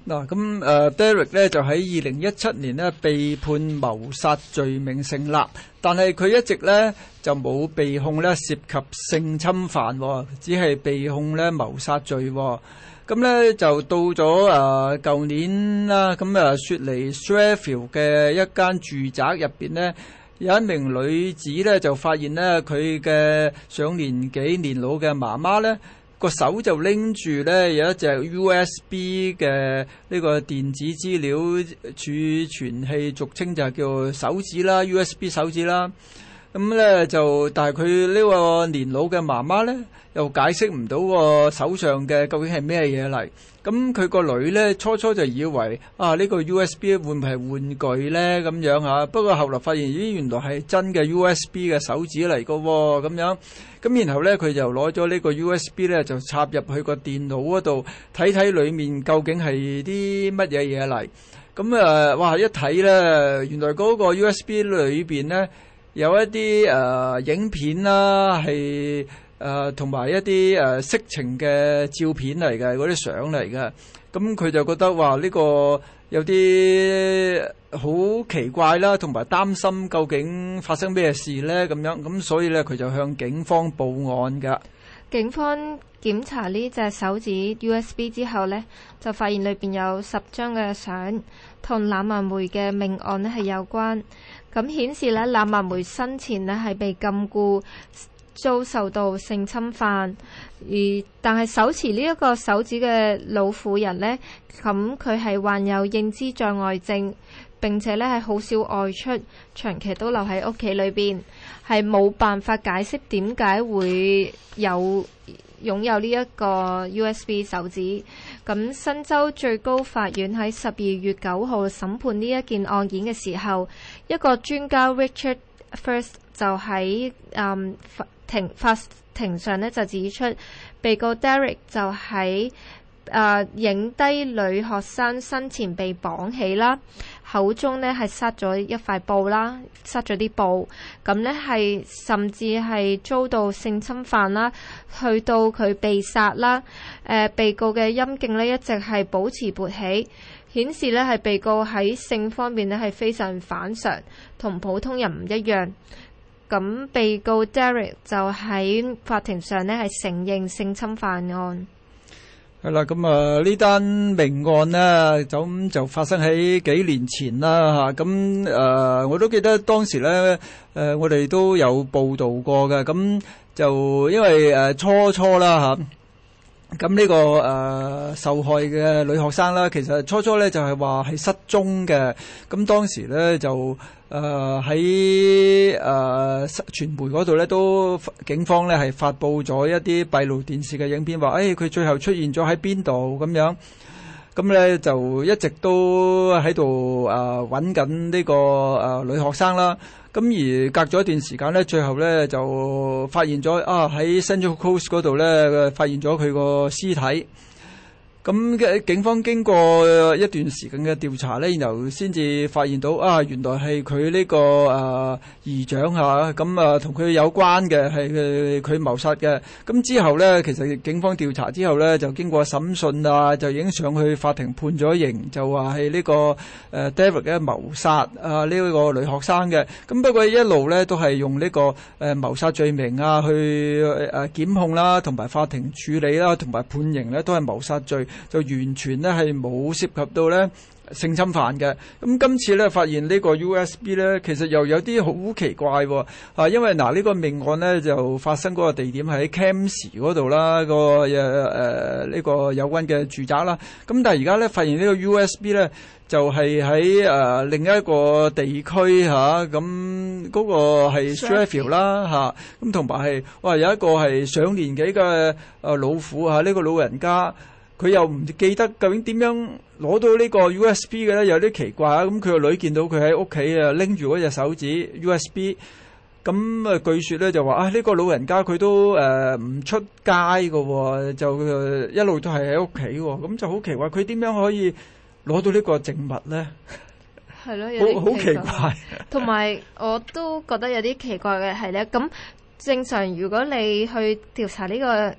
嗱，咁誒、啊、，Derek 咧就喺二零一七年咧被判謀殺罪名成立，但係佢一直呢就冇被控呢涉及性侵犯、哦，只係被控呢謀殺罪、哦。咁、嗯、呢，就到咗誒舊年啦，咁、啊、誒雪梨 Strathfield 嘅一間住宅入邊呢，有一名女子呢，就發現呢，佢嘅上年紀年老嘅媽媽呢。個手就拎住呢，有一隻 USB 嘅呢個電子資料儲存器，俗稱就係叫手指啦，USB 手指啦。咁、嗯、呢，就，但係佢呢個年老嘅媽媽呢，又解釋唔到個手上嘅究竟係咩嘢嚟。咁佢個女呢，初初就以為啊呢、這個 USB 會唔係玩具呢？咁樣啊。不過後來發現咦，原來係真嘅 USB 嘅手指嚟嘅喎咁樣，咁然後呢，佢就攞咗呢個 USB 呢，就插入去個電腦嗰度睇睇，裡面究竟係啲乜嘢嘢嚟，咁啊、呃、哇一睇呢，原來嗰個 USB 裏邊呢，有一啲誒、呃、影片啦係。誒同埋一啲誒色情嘅照片嚟嘅，嗰啲相嚟嘅，咁佢就覺得話呢個有啲好奇怪啦，同埋擔心究竟發生咩事咧咁樣，咁所以咧佢就向警方報案㗎。警方檢查呢隻手指 USB 之後咧，就發現裏邊有十張嘅相，同藍文梅嘅命案咧係有關。咁顯示咧藍文梅生前咧係被禁錮。遭受到性侵犯，而但係手持呢一個手指嘅老婦人咧，咁佢係患有認知障礙症，並且咧係好少外出，長期都留喺屋企裏邊，係冇辦法解釋點解會有擁有呢一個 USB 手指。咁新州最高法院喺十二月九號審判呢一件案件嘅時候，一個專家 Richard First 就喺嗯。庭法庭上呢，就指出，被告 Derek 就喺誒影低女學生生前被綁起啦，口中呢，係塞咗一塊布啦，塞咗啲布，咁呢，係甚至係遭到性侵犯啦，去到佢被殺啦。誒、呃，被告嘅陰莖呢，一直係保持勃起，顯示呢，係被告喺性方面呢，係非常反常，同普通人唔一樣。咁被告 Derek 就喺法庭上呢，係承認性侵犯案。係啦，咁啊呢單命案呢，咁就，就發生喺幾年前啦嚇。咁、啊、誒、呃，我都記得當時咧，誒、呃、我哋都有報道過嘅。咁、啊、就因為誒、呃、初初啦嚇。啊咁呢、呢個誒、呃、受害嘅女學生啦，其實初初咧就係話係失蹤嘅。咁當時咧就誒喺誒傳媒嗰度咧都警方咧係發布咗一啲閉路電視嘅影片，話誒佢最後出現咗喺邊度咁樣。咁咧就一直都喺度誒揾緊呢個誒、呃、女學生啦。咁而隔咗一段時間咧，最後咧就發現咗啊，喺 Central Coast 嗰度咧，發現咗佢個屍體。咁嘅警方經過一段時間嘅調查咧，然後先至發現到啊，原來係佢呢個誒姨丈啊，咁啊同佢有關嘅係佢佢謀殺嘅。咁、啊、之後呢，其實警方調查之後呢，就經過審訊啊，就已經上去法庭判咗刑，就話係呢個誒 David 嘅謀殺啊呢、啊這個女學生嘅。咁不過一路呢，都係用呢、這個誒謀殺罪名啊去誒檢控啦，同、啊、埋法庭處理啦，同、啊、埋判刑呢、啊，都係謀殺罪。就完全咧係冇涉及到咧性侵犯嘅。咁今次咧發現個呢個 USB 咧，其實又有啲好奇怪喎、啊。因為嗱呢、啊呢個命案咧就發生嗰個地點喺 Campsie 嗰度啦，嗰個誒誒呢個有關嘅住宅啦。咁、啊、但係而家咧發現個呢個 USB 咧就係喺誒另一個地區嚇，咁嗰個係 Strathfield 啦嚇，咁，同埋係哇有一個係上年紀嘅誒老婦嚇呢、啊呢個老人家。佢又唔記得究竟點樣攞到個呢個 USB 嘅咧，有啲奇怪啊！咁佢個女見到佢喺屋企啊，拎住嗰隻手指 USB。咁啊，據説咧就話啊，呢個老人家佢都誒唔、呃、出街嘅、哦，就一路都係喺屋企喎。咁就好奇怪，佢點樣可以攞到個呢個證物咧？係咯，有啲好奇怪。同埋 我都覺得有啲奇怪嘅係咧，咁正常如果你去調查呢、呢個。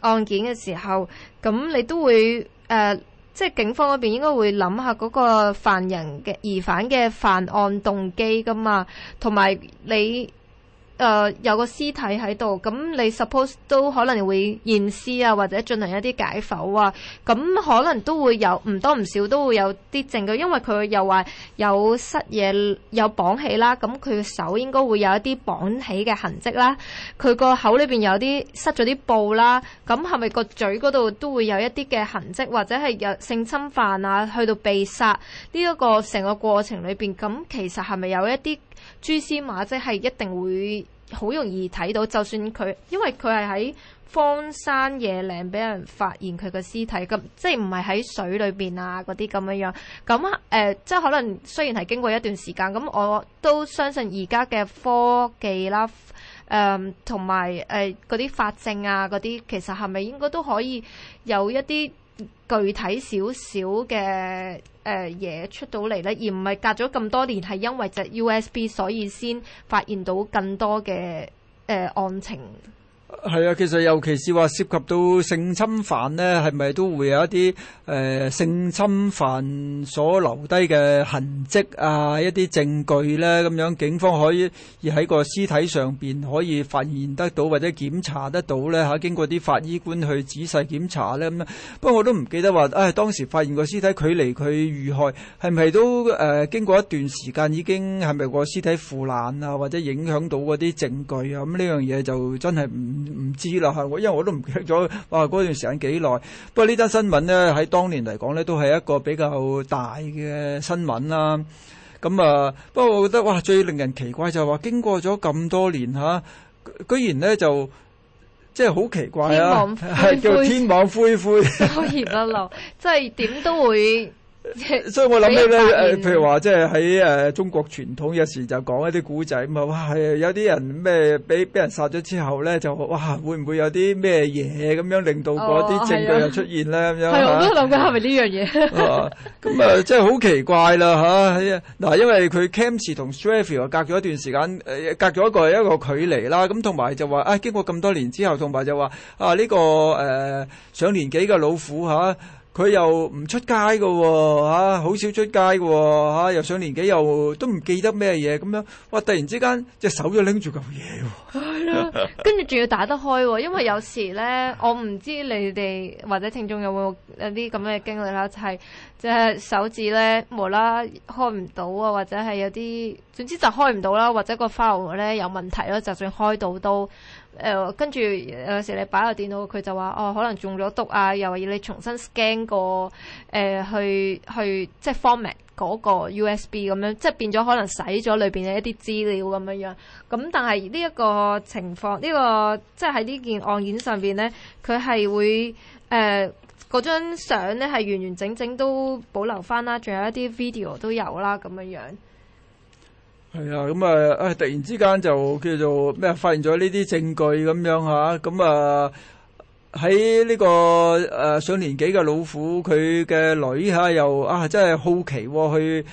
案件嘅時候，咁你都會誒、呃，即係警方嗰邊應該會諗下嗰個犯人嘅疑犯嘅犯案動機㗎嘛，同埋你。誒、呃、有個屍體喺度，咁你 suppose 都可能會驗屍啊，或者進行一啲解剖啊，咁可能都會有唔多唔少都會有啲證據，因為佢又話有失嘢有綁起啦，咁佢個手應該會有一啲綁起嘅痕跡啦，佢個口裏邊有啲塞咗啲布啦，咁係咪個嘴嗰度都會有一啲嘅痕跡，或者係有性侵犯啊，去到被殺呢一個成個過程裏邊，咁其實係咪有一啲？蛛絲馬跡係一定會好容易睇到，就算佢，因為佢係喺荒山野嶺俾人發現佢嘅屍體，咁即係唔係喺水裏邊，啊嗰啲咁樣樣咁誒，即係、啊呃、可能雖然係經過一段時間，咁我都相信而家嘅科技啦，誒同埋誒嗰啲法證啊嗰啲，其實係咪應該都可以有一啲。具體少少嘅誒嘢出到嚟咧，而唔係隔咗咁多年，係因為隻 USB 所以先發現到更多嘅誒、呃、案情。係啊，其實尤其是話涉及到性侵犯呢，係咪都會有一啲誒、呃、性侵犯所留低嘅痕跡啊，一啲證據呢，咁樣，警方可以而喺個屍體上邊可以發現得到或者檢查得到呢。吓、啊，經過啲法醫官去仔細檢查呢，咁啊。不過我都唔記得話，啊、哎、當時發現個屍體距離佢遇害係咪都誒、呃、經過一段時間已經係咪個屍體腐爛啊，或者影響到嗰啲證據啊，咁呢樣嘢就真係唔。唔知啦，我因為我都唔記得咗，哇嗰段時間幾耐。不過呢單新聞呢，喺當年嚟講呢，都係一個比較大嘅新聞啦、啊。咁、嗯、啊、嗯，不過我覺得哇，最令人奇怪就係話，經過咗咁多年嚇、啊，居然呢就即係好奇怪啊，天灰灰係叫天網恢恢，疏而不漏， 即係點都會。所以我諗起咧，譬如話即係喺誒中國傳統有時就講一啲古仔嘛，哇，有啲人咩俾俾人殺咗之後咧，就哇會唔會有啲咩嘢咁樣令到嗰啲證據又出現咧咁樣？係，我都諗緊係咪呢樣嘢？咁啊，真係好奇怪啦吓！嗱，因為佢 Campsie 同 Strathfield 隔咗一段時間，隔咗一個一個距離啦。咁同埋就話，誒，經過咁多年之後，同埋就話啊，呢個誒上年紀嘅老虎吓。佢又唔出街㗎喎，好、啊、 少出街㗎喎，又上年紀又都唔記得咩嘢咁樣，哇！突然之間隻手又拎住嚿嘢喎。係，跟住仲要打得開喎，因為有時咧，我唔知你哋或者聽眾有冇有啲咁嘅經歷啦，就係、是、隻、就是、手指咧無啦開唔到啊，或者係有啲總之就開唔到啦，或者個花萼咧有問題咯，就算開到都。誒、呃、跟住有時你擺落電腦，佢就話哦，可能中咗毒啊，又話要你重新 scan、呃、個誒去去即係 format 嗰個 USB 咁樣，即係變咗可能洗咗裏邊嘅一啲資料咁樣樣。咁但係呢一個情況，呢、這個即係喺呢件案件上邊咧，佢係會誒嗰張相咧係完完整整都保留翻啦，仲有一啲 video 都有啦咁樣樣。係啊，咁啊、嗯，啊突然之間就叫做咩？發現咗呢啲證據咁樣嚇，咁啊喺呢、嗯啊呢個誒、啊、上年紀嘅老虎佢嘅女嚇，又啊，啊真係好奇去誒、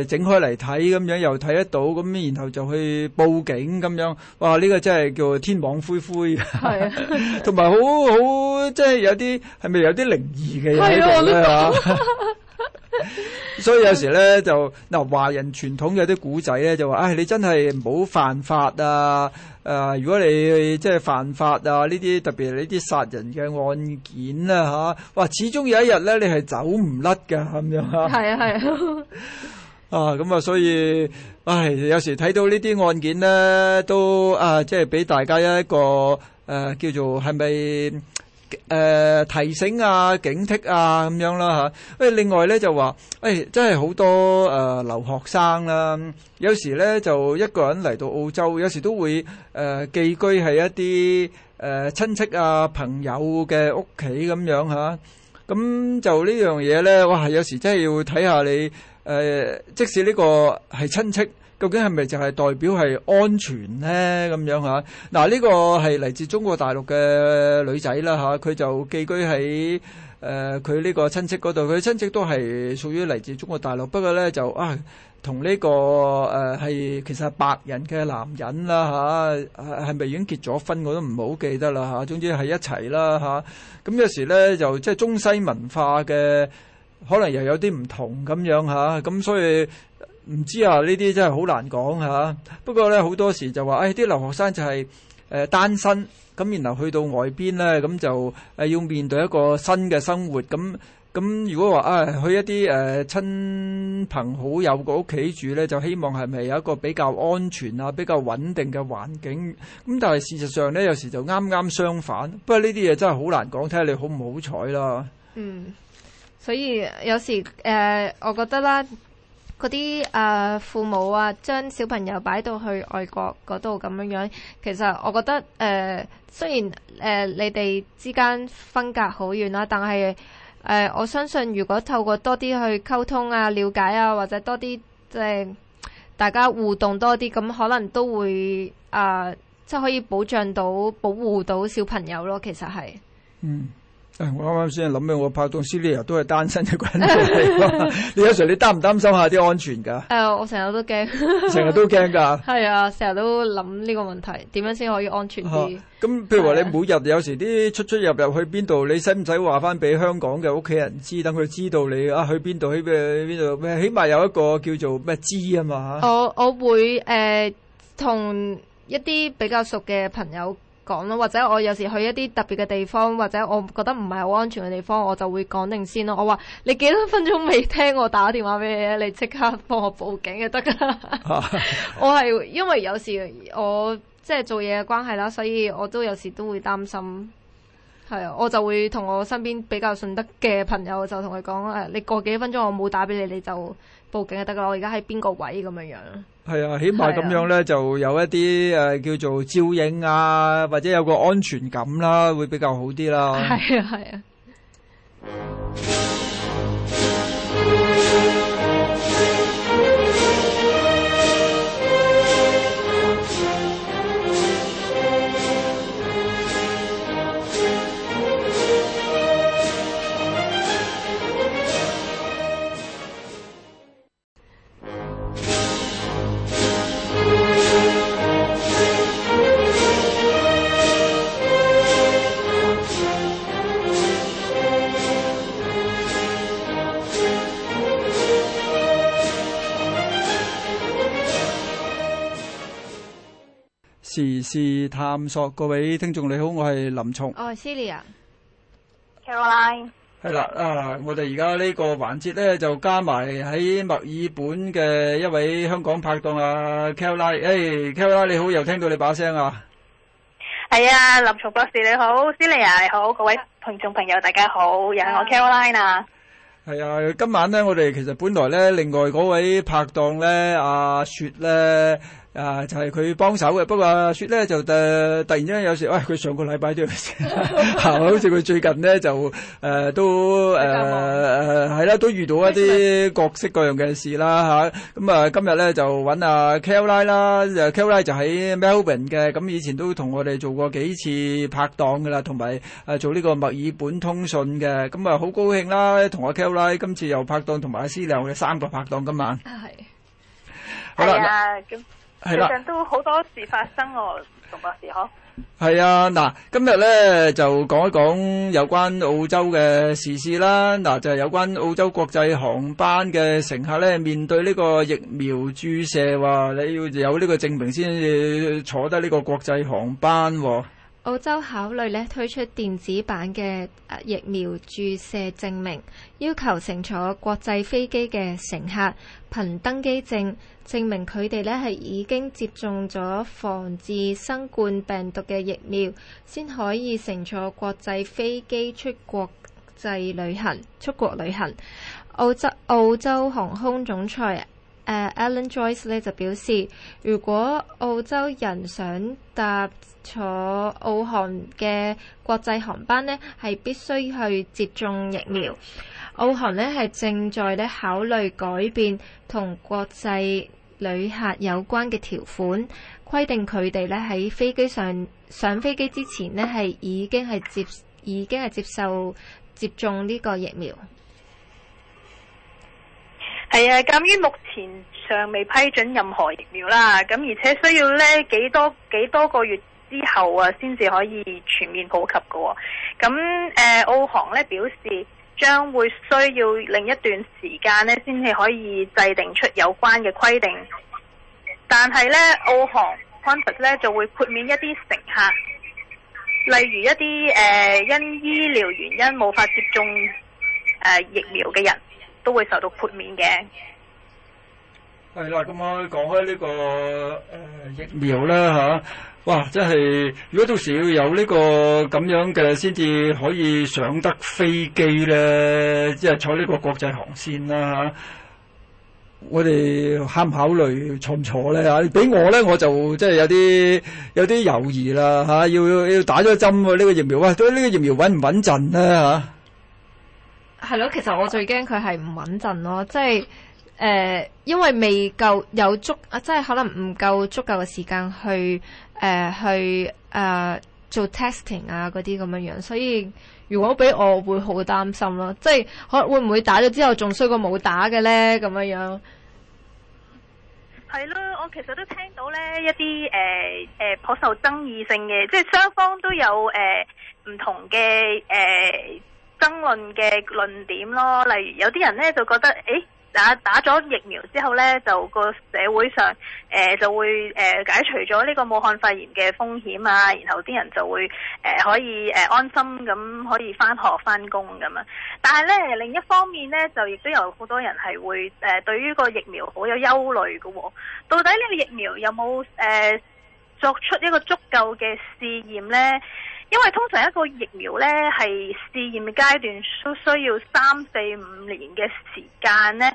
啊、整開嚟睇咁樣，又睇得到，咁、啊、然後就去報警咁樣，哇、啊！呢、啊呢個真係叫天網恢恢，係、啊，同埋好好，即係有啲係咪有啲靈異嘅嘢喺度啊？邊 所以有時咧就嗱，華人傳統有啲古仔咧就話，唉、哎，你真係唔好犯法啊！誒、呃，如果你即係犯法啊，呢啲特別係呢啲殺人嘅案件啦，吓、啊，哇，始終有一日咧，你係走唔甩噶咁樣啊！係啊，係、哎、啊！啊，咁啊，所以，唉，有時睇到呢啲案件咧，都啊，即係俾大家一個誒、啊，叫做係咪誒、呃，提醒啊，警惕啊，咁樣啦吓。誒，另外咧就話誒、哎，真係好多誒、呃、留學生啦、啊。有時咧就一個人嚟到澳洲，有時都會誒、呃、寄居係一啲誒親戚啊朋友嘅屋企咁樣吓。咁、啊、就呢樣嘢咧，哇，有時真係要睇下你誒、呃，即使呢個係親戚。究竟係咪就係代表係安全呢？咁樣吓，嗱、啊、呢、這個係嚟自中國大陸嘅女仔啦吓，佢、啊、就寄居喺誒佢呢個親戚嗰度，佢親戚都係屬於嚟自中國大陸。不過咧就啊，同呢、這個誒係、啊、其實白人嘅男人啦吓，係係咪已經結咗婚我都唔好記得啦吓、啊。總之係一齊啦吓，咁、啊、有時咧就即係中西文化嘅可能又有啲唔同咁樣吓，咁、啊、所以。唔知啊，呢啲真係好難講嚇。不過呢，好多時就話，誒、哎、啲留學生就係、是、誒、呃、單身，咁然後去到外邊呢，咁就誒要面對一個新嘅生活。咁咁如果話，誒、哎、去一啲誒親朋好友個屋企住呢，就希望係咪有一個比較安全啊、比較穩定嘅環境？咁但係事實上呢，有時就啱啱相反。不過呢啲嘢真係好難講，睇下你好唔好彩啦。嗯，所以有時誒、呃，我覺得啦。嗰啲誒父母啊，將小朋友擺到去外國嗰度咁樣樣，其實我覺得誒、呃，雖然誒、呃、你哋之間分隔好遠啦，但係誒、呃、我相信，如果透過多啲去溝通啊、了解啊，或者多啲即係大家互動多啲，咁可能都會誒，即、呃、係可以保障到、保護到小朋友咯。其實係嗯。我啱啱先諗起，我，起我拍檔 Celia 呢日都係單身一個人，你有時你擔唔擔心下啲安全噶？誒、呃，我成日都驚，成 日都驚噶。係 啊，成日都諗呢個問題，點樣先可以安全啲？咁、啊、譬如話你每日有時啲出出入入去邊度，你使唔使話翻俾香港嘅屋企人知？等佢知道你啊去邊度？去邊度咩？起碼有一個叫做咩知啊嘛。 我我會誒，同、呃、一啲比較熟嘅朋友。講咯，或者我有時去一啲特別嘅地方，或者我覺得唔係好安全嘅地方，我就會講定先咯。我話你幾多分鐘未聽我打電話俾你，你即刻幫我報警就得㗎啦！ 我係因為有時我即係做嘢嘅關係啦，所以我都有時都會擔心，係啊，我就會同我身邊比較信得嘅朋友就同佢講誒，你過幾分鐘我冇打俾你，你就。報警就得啦！我而家喺邊個位咁樣樣？係啊，起碼咁樣咧就有一啲誒、呃、叫做照應啊，或者有個安全感啦，會比較好啲啦。係啊，係啊。 時事探索，各位聽眾你好，我係林松，我係、oh, Celia，Caroline。係啦，啊，我哋而家呢個環節咧，就加埋喺墨爾本嘅一位香港拍檔啊，Caroline，誒、hey,，Caroline 你好，又聽到你把聲啊。係啊，林松博士你好，Celia 你好，各位聽眾朋友大家好，又係我 Caroline 啊。係啊，今晚咧，我哋其實本來咧，另外嗰位拍檔咧，阿、啊、雪咧。啊，就係佢幫手嘅，不過雪咧就誒突然之間有時，喂佢上個禮拜都有事，嚇，好似佢最近呢，就誒都誒誒係啦，都遇到一啲各式各樣嘅事啦嚇。咁啊，今日咧就揾阿 Kelley 啦，Kelley 就喺 Melbourne 嘅，咁以前都同我哋做過幾次拍檔嘅啦，同埋誒做呢個墨爾本通訊嘅，咁啊好高興啦，同阿 Kelley 今次又拍檔，同埋阿思亮嘅三個拍檔今晚。係。好啦。最近都好多事發生喎，馮博士，嗬的。係啊，嗱，今日咧就講一講有關澳洲嘅時事啦。嗱、啊，就係、是、有關澳洲國際航班嘅乘客咧，面對呢個疫苗注射，話你要有呢個證明先至坐得呢個國際航班，哦。澳洲考慮咧推出電子版嘅疫苗注射證明，要求乘坐國際飛機嘅乘客憑登機證證明佢哋咧係已經接種咗防治新冠病毒嘅疫苗，先可以乘坐國際飛機出國際旅行。出國旅行，澳洲澳洲航空總裁。誒、uh, Alan Joyce 咧就表示，如果澳洲人想搭坐澳航嘅國際航班咧，係必須去接種疫苗。澳航咧係正在咧考慮改變同國際旅客有關嘅條款，規定佢哋咧喺飛機上上飛機之前咧係已經係接已經係接受接種呢個疫苗。係啊，鑒於目前尚未批准任何疫苗啦，咁而且需要呢幾多幾多個月之後啊，先至可以全面普及噶。咁、嗯、誒，澳航呢表示將會需要另一段時間呢先至可以制定出有關嘅規定。但係呢，澳航 Converse 呢就會豁免一啲乘客，例如一啲誒因醫療原因無法接種誒疫苗嘅人。都會受到豁免嘅。係啦，咁我講開呢、這個誒、呃、疫苗啦，吓哇，真係如果到時要有呢、這個咁樣嘅，先至可以上得飛機咧，即係坐呢個國際航線啦，我哋考唔考慮坐唔坐咧？吓，俾我咧，我就即係有啲有啲猶豫啦，吓、啊，要要打咗針呢、這個疫苗，哇，都呢個疫苗穩唔穩陣咧，吓、啊。係咯，其實我最驚佢係唔穩陣咯，即係誒、呃，因為未夠有足，即係可能唔夠足夠嘅時間去誒、呃、去誒、呃、做 testing 啊，嗰啲咁樣樣，所以如果俾我，我會好擔心咯，即係可能會唔會打咗之後仲衰過冇打嘅咧？咁樣樣，係咯，我其實都聽到咧一啲誒誒頗受爭議性嘅，即係雙方都有誒唔、呃、同嘅誒。呃爭論嘅論點咯，例如有啲人呢就覺得，誒、欸、打打咗疫苗之後呢，就個社會上誒、呃、就會誒、呃、解除咗呢個武漢肺炎嘅風險啊，然後啲人就會誒、呃、可以誒安心咁可以返學返工咁啊。但係呢，另一方面呢，就亦都有好多人係會誒、呃、對於個疫苗好有憂慮嘅。到底呢個疫苗有冇誒、呃、作出一個足夠嘅試驗呢？因為通常一個疫苗呢，係試驗階段都需要三四五年嘅時間呢，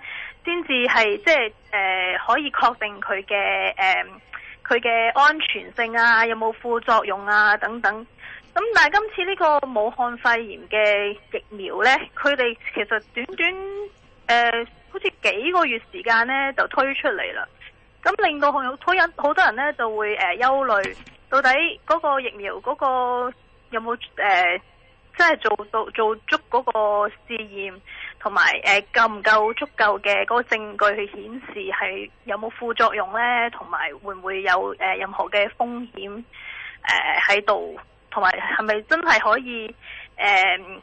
先至係即係誒可以確定佢嘅誒佢嘅安全性啊，有冇副作用啊等等。咁但係今次呢個武漢肺炎嘅疫苗呢，佢哋其實短短誒、呃、好似幾個月時間呢，就推出嚟啦，咁令到好好多人呢，就會誒憂慮。呃到底嗰個疫苗嗰個有冇誒，即、呃、係做到做足嗰個試驗，同埋誒夠唔夠足夠嘅嗰個證據去顯示係有冇副作用咧，同埋會唔會有誒、呃、任何嘅風險誒喺度，同埋係咪真係可以誒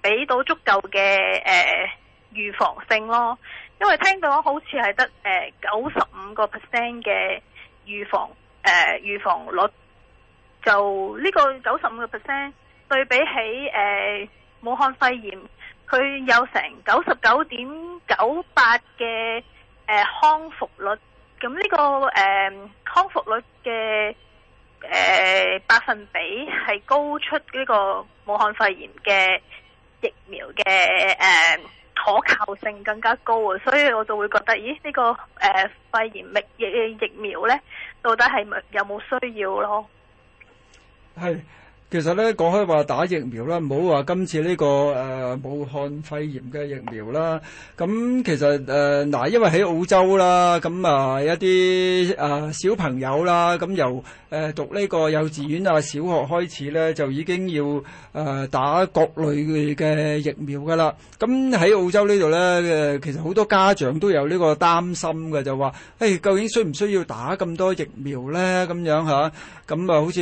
俾、呃、到足夠嘅誒、呃、預防性咯？因為聽到好似係得誒九十五個 percent 嘅預防。誒，預、呃、防率就呢個九十五個 percent 對比起誒、呃、武漢肺炎，佢有成九十九點九八嘅誒康復率，咁、嗯、呢、這個誒、呃、康復率嘅誒、呃、百分比係高出呢個武漢肺炎嘅疫苗嘅誒、呃、可靠性更加高，所以我就會覺得，咦呢、這個誒、呃、肺炎疫疫苗呢？到底係咪有冇需要咯？係。其實咧講開話打疫苗啦，唔好話今次呢個誒武漢肺炎嘅疫苗啦。咁其實誒嗱、呃，因為喺澳洲啦，咁啊一啲誒、呃、小朋友啦，咁由誒讀呢個幼稚園啊、小學開始咧，就已經要誒、呃、打各類嘅疫苗噶啦。咁喺澳洲呢度咧，誒其實好多家長都有呢個擔心嘅，就話：誒、欸、究竟需唔需要打咁多疫苗咧？咁樣嚇、啊，咁啊好似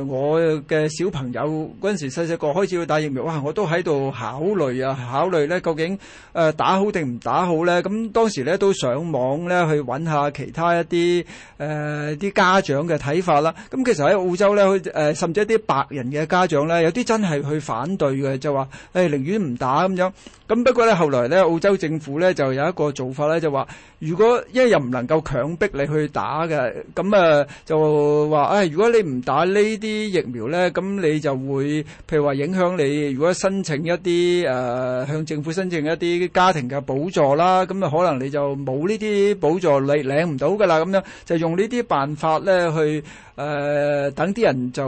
誒我。我嘅小朋友嗰陣時細細個開始要打疫苗，哇！我都喺度考慮啊，考慮呢究竟誒打好定唔打好呢？咁當時呢都上網呢去揾下其他一啲誒啲家長嘅睇法啦。咁其實喺澳洲呢，誒甚至一啲白人嘅家長呢，有啲真係去反對嘅，就話誒寧願唔打咁樣。咁不過呢，後來呢，澳洲政府呢，就有一個做法呢，就話，如果，因為又唔能夠強迫你去打㗎，咁，就話，如果你唔打呢啲疫苗呢，咁你就會，譬如話影響你，如果申請一啲，向政府申請一啲家庭嘅補助啦，咁，可能你就冇呢啲補助，你領唔到㗎啦，咁樣，就用呢啲辦法呢，去，呃，等啲人就，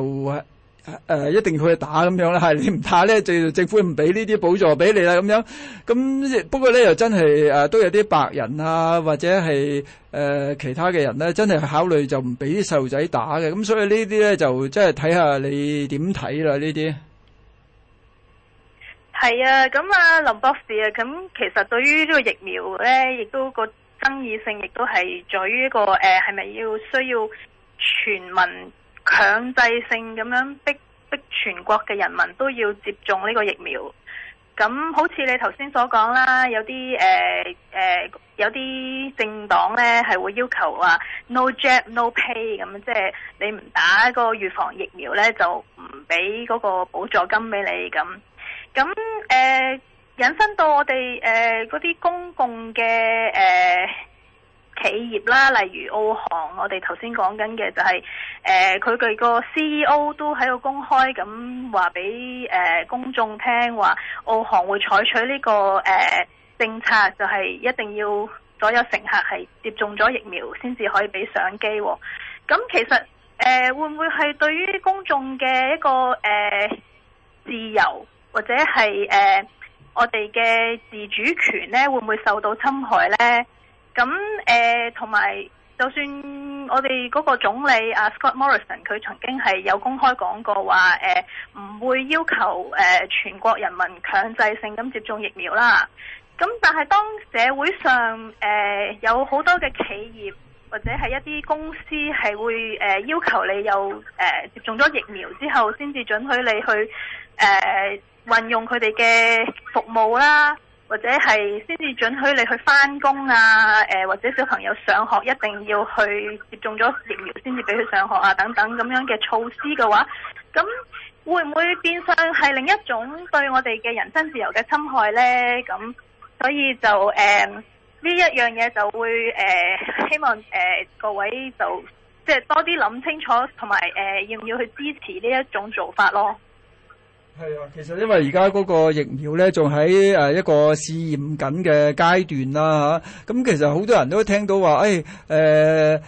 誒、呃，一定要去打咁樣啦，係你唔打咧，就政府唔俾呢啲補助俾你啦，咁樣。咁不過咧，又真係誒、呃，都有啲白人啊，或者係誒、呃、其他嘅人咧，真係考慮就唔俾細路仔打嘅。咁所以呢啲咧，就真係睇下你點睇啦，呢啲。係啊，咁啊林博士啊，咁其實對於呢個疫苗咧，亦都個爭議性亦都係在於一個誒，係、呃、係咪要需要全民？強制性咁樣逼逼全國嘅人民都要接種呢個疫苗，咁好似你頭先所講啦，有啲誒誒有啲政黨呢係會要求話 No jab, no pay 咁，即係你唔打個預防疫苗呢，就唔畀嗰個補助金畀你咁，咁誒、呃、引申到我哋誒嗰啲公共嘅誒。呃企業啦，例如澳航，我哋頭先講緊嘅就係、是，誒、呃，佢佢個 CEO 都喺度公開咁話俾誒公眾聽，話澳航會採取呢、這個誒、呃、政策，就係一定要所有乘客係接種咗疫苗先至可以俾上機、哦。咁、嗯、其實誒、呃、會唔會係對於公眾嘅一個誒、呃、自由或者係誒、呃、我哋嘅自主權咧，會唔會受到侵害咧？咁誒，同埋就算我哋嗰個總理阿 Scott Morrison，佢曾經係有公開講過話誒，唔會要求誒全國人民強制性咁接種疫苗啦。咁但係當社會上誒有好多嘅企業，或者係一啲公司係會誒要求你有誒接種咗疫苗之後，先至準許你去誒運用佢哋嘅服務啦。或者係先至准許你去翻工啊，誒、呃、或者小朋友上學一定要去接種咗疫苗先至俾佢上學啊，等等咁樣嘅措施嘅話，咁會唔會變相係另一種對我哋嘅人身自由嘅侵害呢？咁所以就誒呢、呃、一樣嘢就會誒、呃、希望誒、呃、各位就即係、就是、多啲諗清楚同埋誒要唔要去支持呢一種做法咯。係啊，其實因為而家嗰個疫苗咧，仲喺誒一個試驗緊嘅階段啦嚇。咁其實好多人都聽到話，誒誒，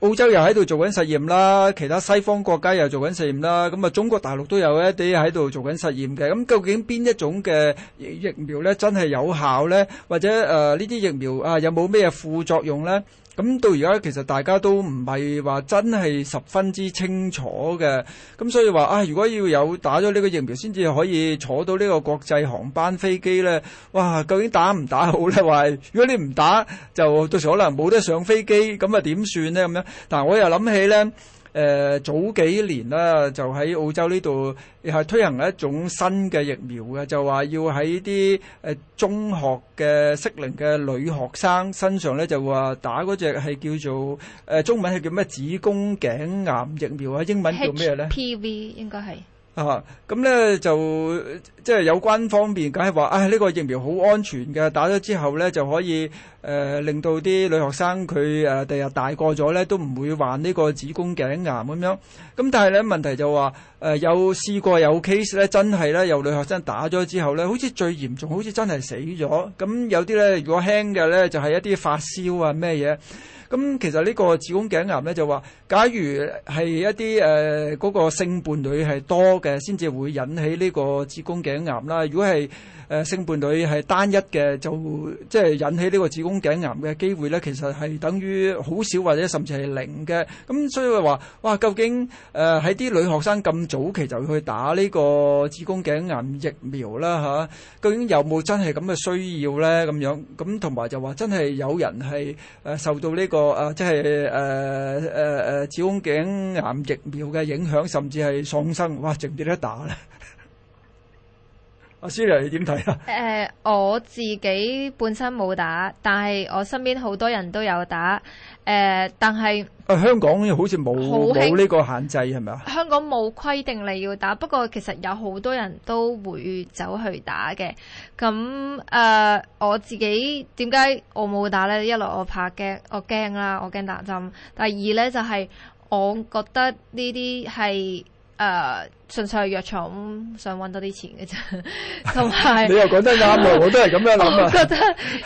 澳洲又喺度做緊實驗啦，其他西方國家又做緊實驗啦。咁啊，中國大陸都有一啲喺度做緊實驗嘅。咁究竟邊一種嘅疫苗咧，真係有效咧？或者誒，呢啲疫苗啊，有冇咩副作用咧？咁到而家其實大家都唔係話真係十分之清楚嘅，咁所以話啊，如果要有打咗呢個疫苗先至可以坐到呢個國際航班飛機呢？哇！究竟打唔打好呢？話如果你唔打，就到時可能冇得上飛機，咁啊點算呢？咁樣，但係我又諗起呢。誒、呃、早幾年啦、啊，就喺澳洲呢度又推行一種新嘅疫苗嘅，就話要喺啲誒中學嘅適齡嘅女學生身上咧，就話打嗰隻係叫做誒、呃、中文係叫咩子宮頸癌疫苗啊，英文叫咩咧？HPV 應該係啊，咁咧就即係、就是、有關方面，梗係話啊呢個疫苗好安全嘅，打咗之後咧就可以。誒、呃、令到啲女學生佢誒第日大個咗咧，都唔會患呢個子宮頸癌咁樣。咁但係咧問題就話誒、呃、有試過有 case 咧，真係咧有女學生打咗之後咧，好似最嚴重，好似真係死咗。咁、嗯、有啲咧如果輕嘅咧，就係、是、一啲發燒啊咩嘢。咁、嗯、其實呢個子宮頸癌咧就話假如係一啲誒、呃嗰個性伴侶係多嘅，先至會引起呢個子宮頸癌啦。如果係誒、呃、性伴侶係單一嘅，就即係、就是、引起呢個子宮。宮頸癌嘅機會咧，其實係等於好少或者甚至係零嘅。咁所以佢話，哇，究竟誒喺啲女學生咁早期就去打呢個子宮頸癌疫苗啦，嚇？究竟有冇真係咁嘅需要咧？咁樣咁同埋就話真係有人係誒受到呢個啊，即係誒誒誒子宮頸癌疫苗嘅影響，甚至係喪生。哇！值唔值得打咧？阿 Sir，你點睇啊？誒、呃，我自己本身冇打，但係我身邊好多人都有打。誒、呃，但係誒、呃、香港好似冇冇呢個限制係咪啊？是是香港冇規定你要打，不過其實有好多人都會走去打嘅。咁誒、呃，我自己點解我冇打呢？一來我怕驚，我驚啦，我驚打針。第二呢，就係、是、我覺得呢啲係。誒、uh, 純粹藥廠想揾多啲錢嘅啫，同 埋有 你又講得啱喎，uh, 我都係咁樣諗啊。我覺得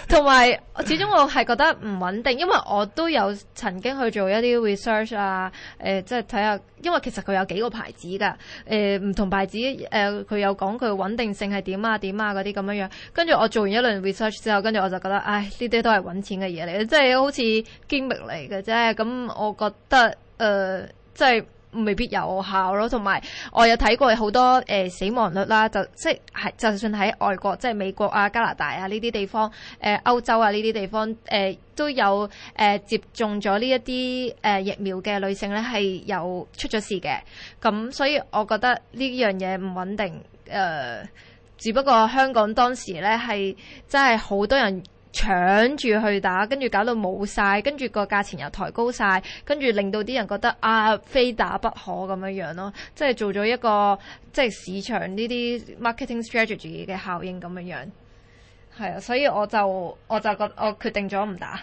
同埋， 始終我係覺得唔穩定，因為我都有曾經去做一啲 research 啊，誒、呃，即係睇下，因為其實佢有幾個牌子噶，誒、呃，唔同牌子誒，佢、呃、有講佢穩定性係點啊、點啊嗰啲咁樣樣。跟住我做完一輪 research 之後，跟住我就覺得，唉，呢啲都係揾錢嘅嘢嚟，即係好似經歷嚟嘅啫。咁我覺得，誒、呃，即、就、係、是。呃就是未必有效咯，同埋我有睇過好多誒、呃、死亡率啦，就即係就算喺外國，即係美國啊、加拿大啊呢啲地方，誒、呃、歐洲啊呢啲地方，誒、呃、都有誒、呃、接種咗呢一啲誒疫苗嘅女性呢係有出咗事嘅。咁所以我覺得呢樣嘢唔穩定。誒、呃，只不過香港當時呢係真係好多人。搶住去打，跟住搞到冇晒，跟住個價錢又抬高晒，跟住令到啲人覺得啊，非打不可咁樣樣咯，即係做咗一個即係市場呢啲 marketing strategy 嘅效應咁樣樣係啊，所以我就我就覺我決定咗唔打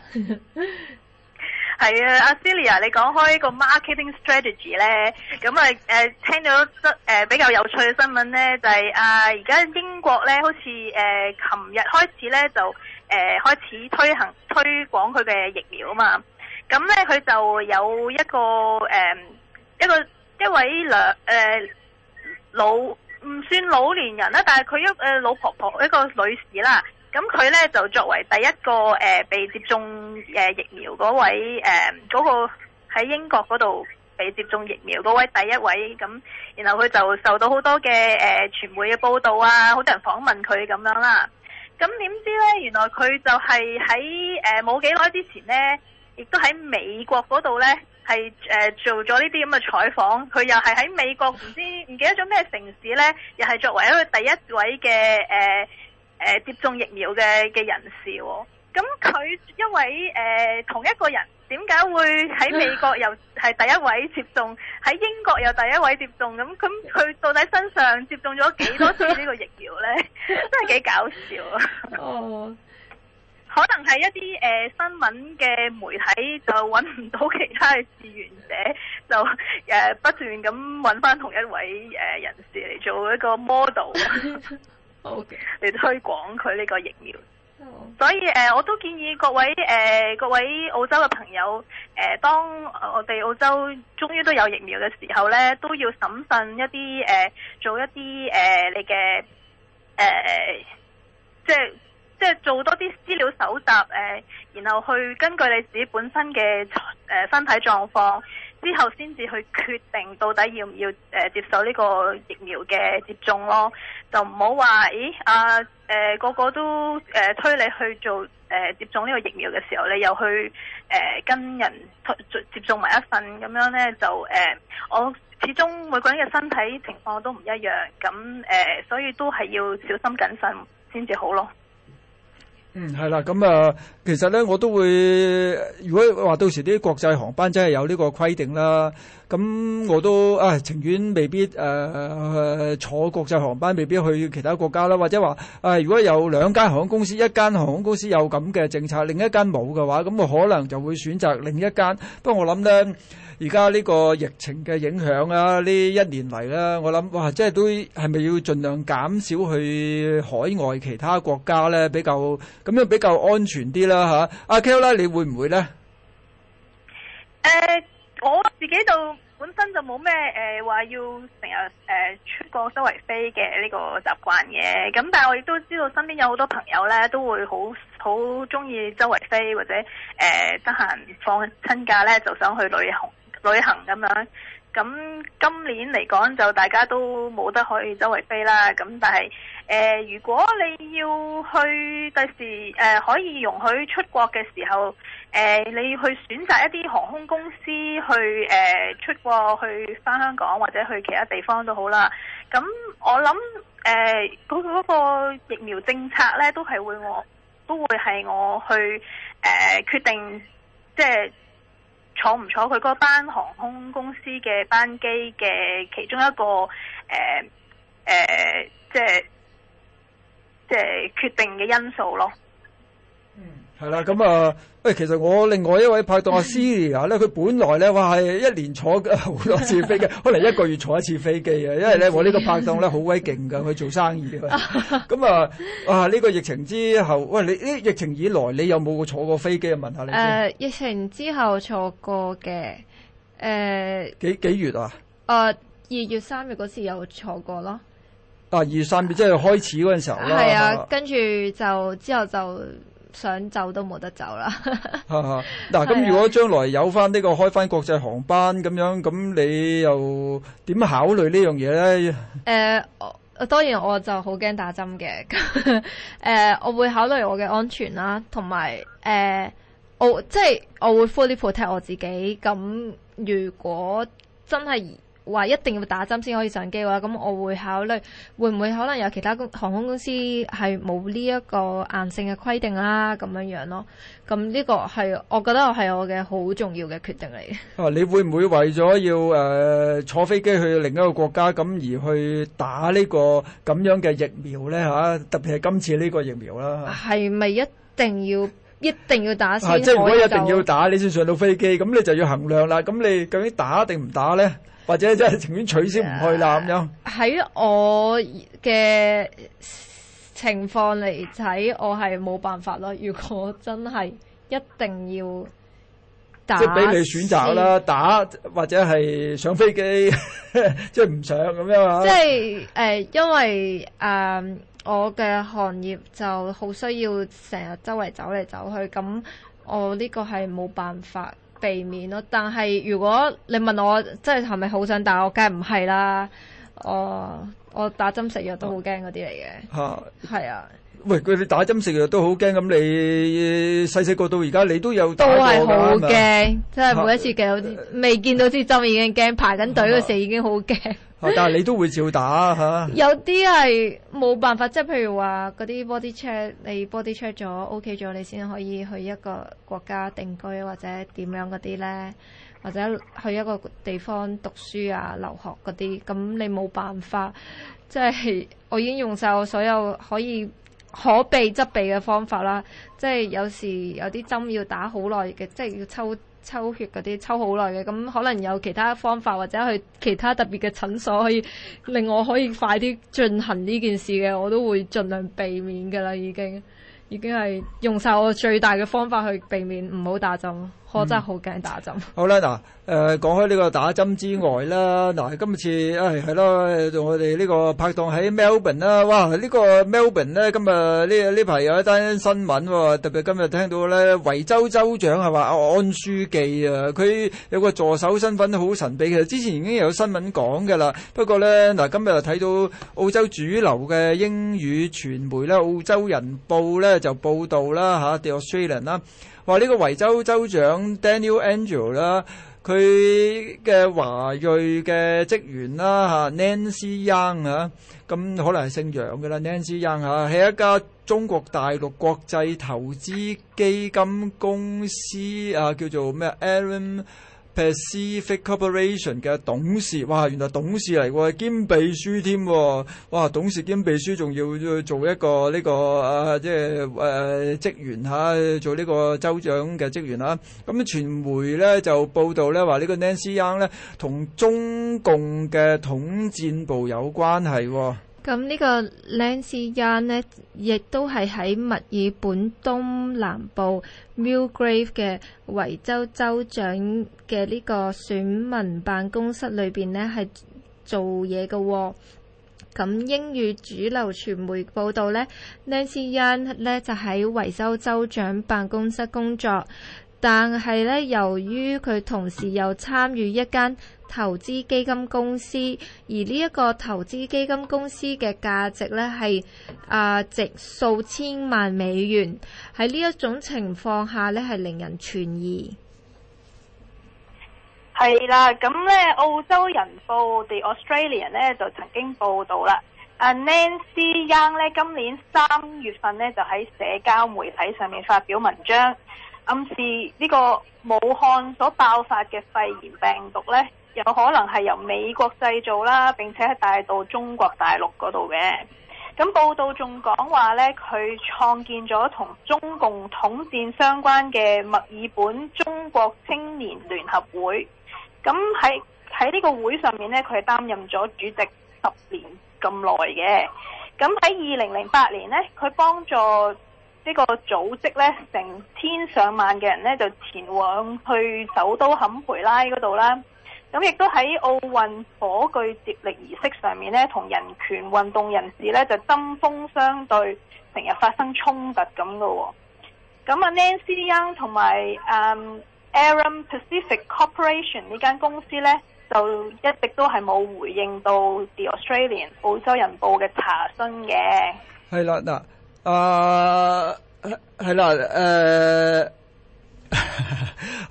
係啊。阿 Celia，你講開個 marketing strategy 呢？咁啊誒，聽到得比較有趣嘅新聞呢，就係啊，而家英國呢，好似誒，琴日開始呢就。誒開始推行推廣佢嘅疫苗啊嘛，咁呢，佢就有一個誒、嗯、一個一位兩誒、嗯、老唔算老年人啦，但係佢一誒老婆婆一個女士啦，咁佢呢，就作為第一個誒、呃、被接種誒疫苗嗰位誒嗰、嗯、那個喺英國嗰度被接種疫苗嗰位第一位，咁，然後佢就受到好多嘅誒、呃、傳媒嘅報道啊，好多人訪問佢咁樣啦。咁點知呢？原來佢就係喺誒冇幾耐之前呢，亦都喺美國嗰度呢，係誒、呃、做咗呢啲咁嘅採訪。佢又係喺美國唔知唔記得咗咩城市呢，又係作為一個第一位嘅誒誒接種疫苗嘅嘅人士。咁、哦、佢一位誒、呃、同一個人。點解會喺美國又係第一位接種，喺英國又第一位接種咁？咁佢到底身上接種咗幾多次呢個疫苗呢？ 真係幾搞笑啊！哦，oh. 可能係一啲誒、呃、新聞嘅媒體就搵唔到其他嘅志願者，就誒、呃、不斷咁搵翻同一位誒、呃、人士嚟做一個 model，嚟、oh. Okay. 嚟推廣佢呢個疫苗。所以誒、呃，我都建議各位誒、呃，各位澳洲嘅朋友誒、呃，當我哋澳洲終於都有疫苗嘅時候咧，都要審慎一啲誒、呃，做一啲誒、呃，你嘅誒、呃，即係即係做多啲資料搜集誒、呃，然後去根據你自己本身嘅誒、呃、身體狀況。之後先至去決定到底要唔要誒接受呢個疫苗嘅接種咯，就唔好話，咦、欸、啊誒、呃、個個都誒、呃、推你去做誒、呃、接種呢個疫苗嘅時候，你又去誒、呃、跟人接接種埋一份咁樣呢，就誒、呃，我始終每個人嘅身體情況都唔一樣，咁誒、呃、所以都係要小心謹慎先至好咯。嗯，係啦，咁啊，其實呢，我都會，如果話到時啲國際航班真係有呢個規定啦，咁我都啊、呃，情願未必誒、呃呃、坐國際航班，未必去其他國家啦，或者話誒、呃，如果有兩間航空公司，一間航空公司有咁嘅政策，另一間冇嘅話，咁我可能就會選擇另一間。不過我諗呢。而家呢個疫情嘅影響啊，呢一年嚟啦、啊，我諗哇，即係都係咪要盡量減少去海外其他國家呢？比較咁樣比較安全啲啦吓，阿 Kel 啦，ella，你會唔會呢？誒、呃，我自己就本身就冇咩誒話要成日誒出國周圍飛嘅呢個習慣嘅，咁但係我亦都知道身邊有好多朋友呢，都會好好中意周圍飛或者誒得閒放親假呢，就想去旅行。旅行咁樣，咁今年嚟講就大家都冇得可以周圍飛啦。咁但係，誒、呃、如果你要去第時，誒、呃、可以容許出國嘅時候，誒、呃、你要去選擇一啲航空公司去，誒、呃、出國去返香港或者去其他地方都好啦。咁我諗，誒、呃、嗰、那個疫苗政策呢，都係會我，都會係我去，誒、呃、決定即係。就是坐唔坐佢嗰班航空公司嘅班機嘅其中一個誒誒、呃呃，即係即係決定嘅因素咯。係啦，咁啊，喂，其實我另外一位拍檔阿 Celia 咧，佢本來咧，哇，係一年坐好多次飛機，可能一個月坐一次飛機啊，因為咧，我呢個拍檔咧好鬼勁噶，佢做生意。咁啊，啊，呢個疫情之後，喂，你呢疫情以來，你有冇坐過飛機啊？問下你誒，疫情之後坐過嘅，誒，幾幾月啊？誒，二月三月嗰時有坐過咯。啊，二月三月即係開始嗰陣時候咯。係啊，跟住就之後就。想走都冇得走啦 啊。嗱，咁如果將來有翻呢個開翻國際航班咁樣，咁你又點考慮呢樣嘢咧？誒 、呃，當然我就好驚打針嘅。誒、 呃，我會考慮我嘅安全啦，同埋誒，我即係我會 fully protect 我自己。咁如果真係話一定要打針先可以上機嘅話，咁我會考慮會唔會可能有其他航空公司係冇呢一個硬性嘅規定啦，咁樣樣咯。咁呢個係我覺得係我嘅好重要嘅決定嚟。哦、啊，你會唔會為咗要誒、呃、坐飛機去另一個國家咁而去打呢個咁樣嘅疫苗呢？吓、啊，特別係今次呢個疫苗啦，係咪一定要一定要打先，啊？即係如果一定要打，你先上到飛機，咁，啊，你就要衡量啦。咁你究竟打定唔打呢？或者即係情願取消唔去啦咁樣。喺、啊、我嘅情況嚟睇，我係冇辦法咯。如果真係一定要打，即係俾你選擇啦，打或者係上飛機，即係唔上咁樣啊。即係誒、呃、因為誒、呃、我嘅行業就好需要成日周圍走嚟走去，咁我呢個係冇辦法。避免咯，但係如果你問我，真係係咪好想打？我梗係唔係啦，我我打針食藥都好驚嗰啲嚟嘅。吓，係啊。啊啊喂，佢哋打針食藥都好驚，咁你、欸、細細個到而家，你都有打過㗎嘛？都係好驚，吧真係每一次見到、啊、未見到支針已經驚，排緊隊嗰時候已經好驚。啊啊 但係你都會照打吓， 有啲係冇辦法，即係譬如話嗰啲 body check，你 body check 咗 OK 咗，你先可以去一個國家定居或者點樣嗰啲咧，或者去一個地方讀書啊、留學嗰啲，咁你冇辦法，即係我已經用晒我所有可以可避則避嘅方法啦，即係有時有啲針要打好耐嘅，即係要抽。抽血嗰啲抽好耐嘅，咁可能有其他方法或者去其他特別嘅診所可以令我可以快啲進行呢件事嘅，我都會盡量避免嘅啦。已經已經係用晒我最大嘅方法去避免唔好打針。我真係好驚打針，嗯。好啦，嗱、呃，誒講開呢個打針之外啦，嗱、嗯，今次誒係咯，我哋呢個拍檔喺 Melbourne 啦，啊，哇，這個，呢個 Melbourne 咧，今日呢呢排有一單新聞喎，啊，特別今日聽到咧，維州州長係話安書記啊，佢有個助手身份都好神秘嘅，其實之前已經有新聞講嘅啦。不過咧，嗱，今日又睇到澳洲主流嘅英語傳媒咧，《澳洲人報呢》咧就報導啦，吓，《The Australian》啦。話呢個維州州長 Daniel Andrews 啦，佢嘅華裔嘅職員啦嚇 Nancy Young 啊，咁可能係姓楊嘅啦，Nancy Young 嚇係一家中國大陸國際投資基金公司啊，叫做咩 Aaron。Pacific Corporation 嘅董事，哇，原來董事嚟喎，兼秘書添喎、哦，哇，董事兼秘書仲要做一個呢、呢個，即係誒職員嚇，做呢個州長嘅職員嚇。咁、嗯、傳媒咧就報道咧話呢個 Nancy Young 咧同中共嘅統戰部有關係、哦。咁呢個 Nancy Yan 呢，亦都係喺墨爾本東南部 Mulgrave 嘅維州州長嘅呢個選民辦公室裏邊呢，係做嘢嘅、哦。咁英語主流傳媒報道呢，Nancy Yan 呢就喺維州州長辦公室工作。但係咧，由於佢同時又參與一間投資基金公司，而呢一個投資基金公司嘅價值咧係啊值數千萬美元。喺呢一種情況下咧，係令人存疑。係啦，咁咧澳洲人報 The Australian 咧就曾經報道啦。阿 Nancy Young 咧今年三月份咧就喺社交媒體上面發表文章。暗示呢個武漢所爆發嘅肺炎病毒呢，有可能係由美國製造啦，並且係帶到中國大陸嗰度嘅。咁報道仲講話呢，佢創建咗同中共統戰相關嘅墨爾本中國青年聯合會。咁喺喺呢個會上面呢，佢係擔任咗主席十年咁耐嘅。咁喺二零零八年呢，佢幫助。呢個組織咧，成千上萬嘅人咧就前往去首都坎培拉嗰度啦。咁、嗯、亦都喺奧運火炬接力儀式上面咧，同人權運動人士咧就針鋒相對，成日發生衝突咁嘅、哦。咁、嗯、啊，Nancy Young 同埋嗯、um, Arum Pacific Corporation 呢間公司呢，就一直都係冇回應到 The Australian 澳洲人報嘅查詢嘅。係啦，嗱。 誒，係啦，誒，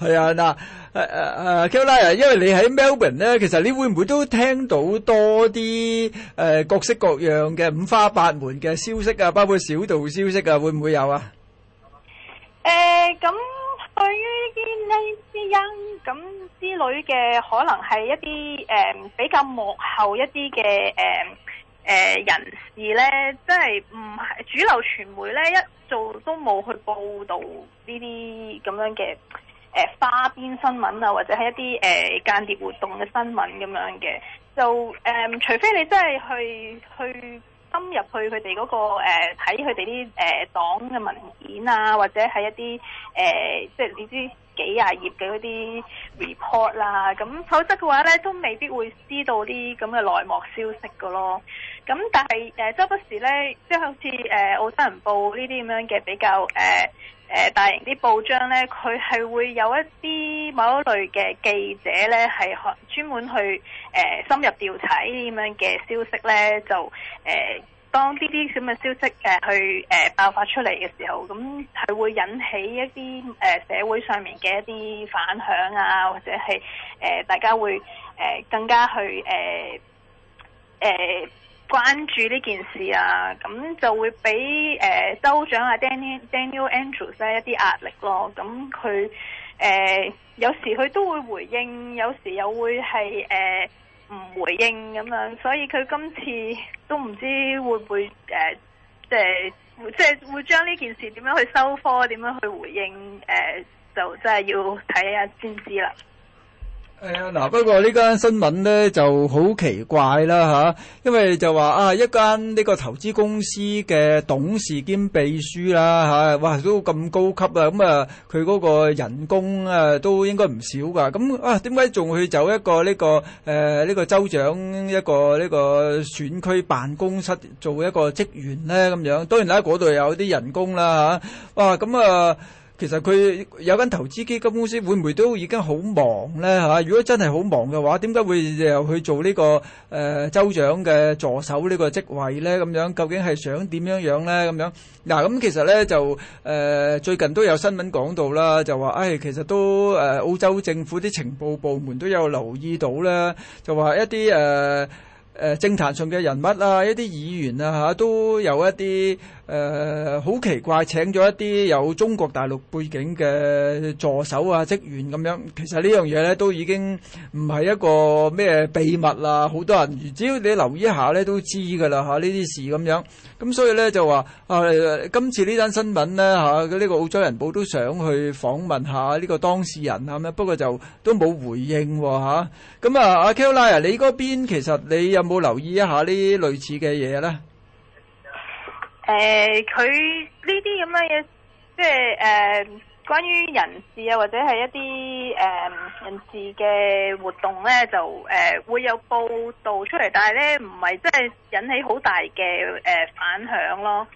係啊，嗱，誒誒誒，Kyla 啊，因為你喺 Melbourne 咧，其實你會唔會都聽到多啲誒各式各樣嘅五花八門嘅消息啊，包括小道消息啊，會唔會有啊？誒，咁對於呢啲呢啲音咁之類嘅，可能係一啲誒比較幕後一啲嘅誒。誒、呃、人士咧，即係唔係主流傳媒咧，一做都冇去報道呢啲咁樣嘅誒、呃、花邊新聞啊，或者係一啲誒、呃、間諜活動嘅新聞咁樣嘅，就誒、呃、除非你真係去去深入去佢哋嗰個睇佢哋啲誒黨嘅文件啊，或者係一啲誒、呃、即係你知幾廿頁嘅嗰啲 report 啦、啊，咁否則嘅話咧，都未必會知道啲咁嘅內幕消息嘅咯。咁、嗯、但係誒，即、呃、周不時咧，即係好似誒澳洲人報呢啲咁樣嘅比較誒誒、呃呃、大型啲報章咧，佢係會有一啲某一類嘅記者咧，係學專門去誒、呃、深入調查呢啲咁樣嘅消息咧，就誒、呃、當呢啲咁嘅消息誒去誒、呃、爆發出嚟嘅時候，咁係會引起一啲誒、呃、社會上面嘅一啲反響啊，或者係誒、呃、大家會誒、呃、更加去誒誒。呃呃呃關注呢件事啊，咁就會俾誒、呃、州長阿、啊、Daniel Daniel Andrews 咧一啲壓力咯。咁佢誒有時佢都會回應，有時又會係誒唔回應咁樣。所以佢今次都唔知會唔會誒，即係即係會將呢件事點樣去收科，點樣去回應誒、呃，就真係要睇下先知啦。係啊，嗱、哎，不過聞呢間新聞咧就好奇怪啦，吓、啊，因為就話啊，一間呢個投資公司嘅董事兼秘書啦，吓、啊，哇，都咁高級啊，咁啊，佢嗰個人工啊都應該唔少噶，咁啊，點解仲去走一個呢、呢個誒呢、呃呢個州長一個呢個選區辦公室做一個職員咧咁樣？當然啦，嗰度有啲人工啦，吓，哇，咁啊。啊啊啊其實佢有間投資基金公司會唔會都已經好忙呢？嚇？如果真係好忙嘅話，點解會又去做呢、呢個誒、呃、州長嘅助手呢個職位呢？咁樣究竟係想點樣樣呢？咁樣嗱，咁、啊、其實呢，就誒、呃、最近都有新聞講到啦，就話誒、哎、其實都誒、呃、澳洲政府啲情報部門都有留意到啦，就話一啲誒誒政壇上嘅人物啊，一啲議員啊嚇都有一啲。誒好、呃、奇怪，請咗一啲有中國大陸背景嘅助手啊、職員咁樣，其實呢樣嘢呢，都已經唔係一個咩秘密啦，好多人只要你留意一下呢，都知㗎啦嚇，呢、啊、啲事咁樣。咁所以呢，就話啊，今次呢單新聞呢，嚇、啊，呢、這個澳洲人報都想去訪問下呢個當事人啊咩，不過就都冇回應喎嚇。咁啊，阿、啊啊、Kelley 你嗰邊其實你有冇留意一下呢類似嘅嘢呢？誒，佢呢啲咁嘅嘢，即係誒、呃，關於人事啊，或者係一啲誒、呃、人事嘅活動咧，就誒、呃、會有報道出嚟，但係咧，唔係真係引起好大嘅誒、呃、反響咯。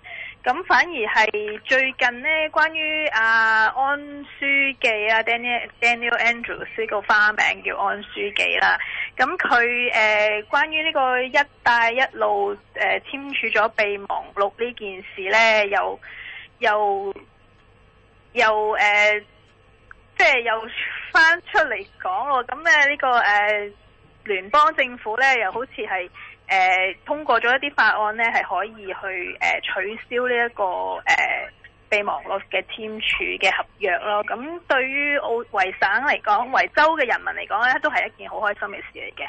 咁反而係最近呢，關於阿、啊、安書記啊，Daniel Daniel Andrews 呢個花名叫安書記啦。咁佢誒關於呢個一帶一路誒、呃、簽署咗備忘錄呢件事呢，又又又誒、呃，即係又翻出嚟講咯。咁咧呢個誒、呃、聯邦政府呢，又好似係。誒，通過咗一啲法案呢係可以去誒、呃、取消呢、這、一個誒備忘錄嘅簽署嘅合約咯。咁對於澳維省嚟講，維州嘅人民嚟講呢都係一件好開心嘅事嚟嘅。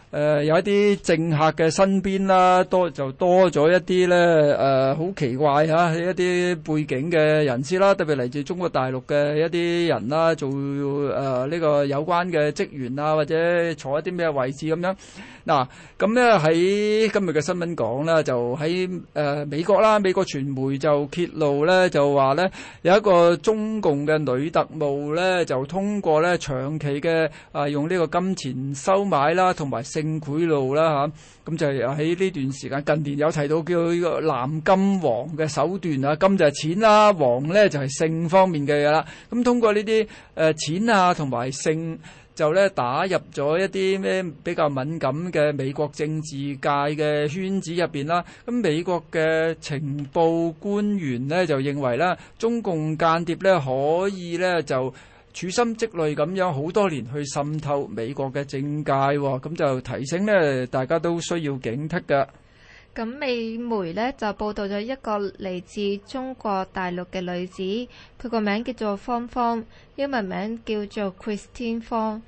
誒有一啲政客嘅身邊啦，多就多咗一啲咧誒，好奇怪嚇，係一啲背景嘅人士啦，特別嚟自中國大陸嘅一啲人啦，做誒呢個有關嘅職員啊，或者坐一啲咩位置咁樣。嗱，咁咧喺今日嘅新聞講咧，就喺誒美國啦，美國傳媒就揭露咧，就話咧有一個中共嘅女特務咧，就通過咧長期嘅啊用呢個金錢收買啦，同埋食。性賄賂啦嚇，咁就係喺呢段時間近年有提到叫藍金黃嘅手段啊，金就係錢啦，黃呢就係性方面嘅嘢啦。咁通過呢啲誒錢啊同埋性，就咧打入咗一啲咩比較敏感嘅美國政治界嘅圈子入邊啦。咁美國嘅情報官員呢，就認為啦，中共間諜咧可以咧就。處心積慮咁樣好多年去滲透美國嘅政界，哦，咁就提醒呢，大家都需要警惕嘅。咁美媒呢，就報道咗一個嚟自中國大陸嘅女子，佢個名叫做芳芳，英文名叫做 Christine 芳。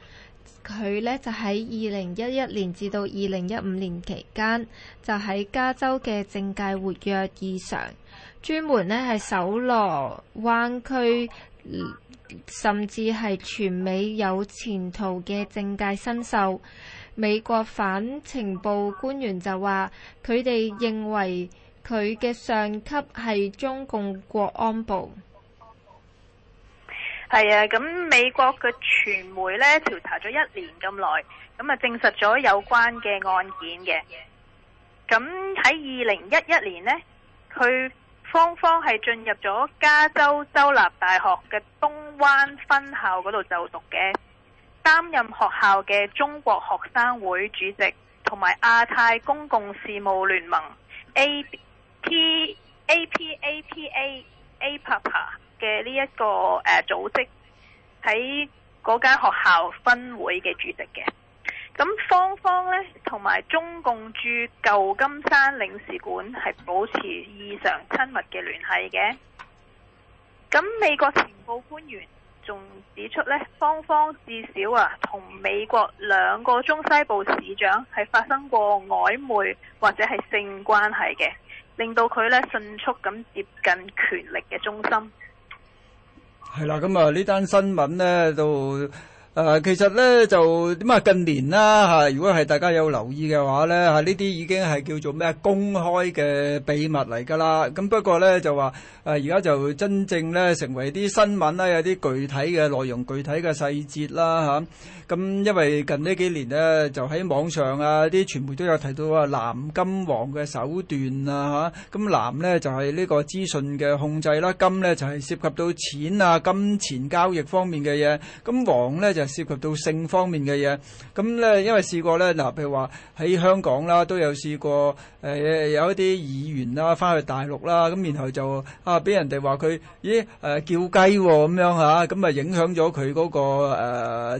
佢呢，就喺二零一一年至到二零一五年期間，就喺加州嘅政界活躍異常，專門呢，係守羅灣區。甚至係全美有前途嘅政界新秀，美國反情報官員就話：佢哋認為佢嘅上級係中共國安部。係啊，咁美國嘅傳媒呢，調查咗一年咁耐，咁啊證實咗有關嘅案件嘅。咁喺二零一一年呢，佢。芳芳係進入咗加州州立大學嘅東灣分校嗰度就讀嘅，擔任學校嘅中國學生會主席，同埋亞太公共事務聯盟 AP AP AP AP （A P A P A P A A P A） 嘅呢一個誒組織喺嗰間學校分會嘅主席嘅。咁芳芳呢，同埋中共駐舊金山領事館係保持異常親密嘅聯繫嘅。咁美國情報官員仲指出咧，芳芳至少啊，同美國兩個中西部市長係發生過曖昧或者係性關係嘅，令到佢呢迅速咁接近權力嘅中心。係啦，咁啊呢單新聞呢。都。誒，其實咧就點啊？近年啦吓，如果係大家有留意嘅話咧，吓呢啲已經係叫做咩公開嘅秘密嚟噶啦。咁不過咧就話，誒而家就真正咧成為啲新聞啦，有啲具體嘅內容、具體嘅細節啦吓。咁、啊、因為近呢幾年呢，就喺網上啊，啲傳媒都有提到啊，藍金黃嘅手段啊吓。咁藍咧就係、是、呢個資訊嘅控制啦，金咧就係、是、涉及到錢啊、金錢交易方面嘅嘢，咁、啊、黃咧就。涉及到性方面嘅嘢，咁咧，因為試過咧，嗱，譬如話，喺香港啦，都有試過誒，有一啲議員啦，翻去大陸啦，咁然後就啊，俾人哋話佢咦誒叫雞，喎，咁樣嚇，咁啊影響咗佢個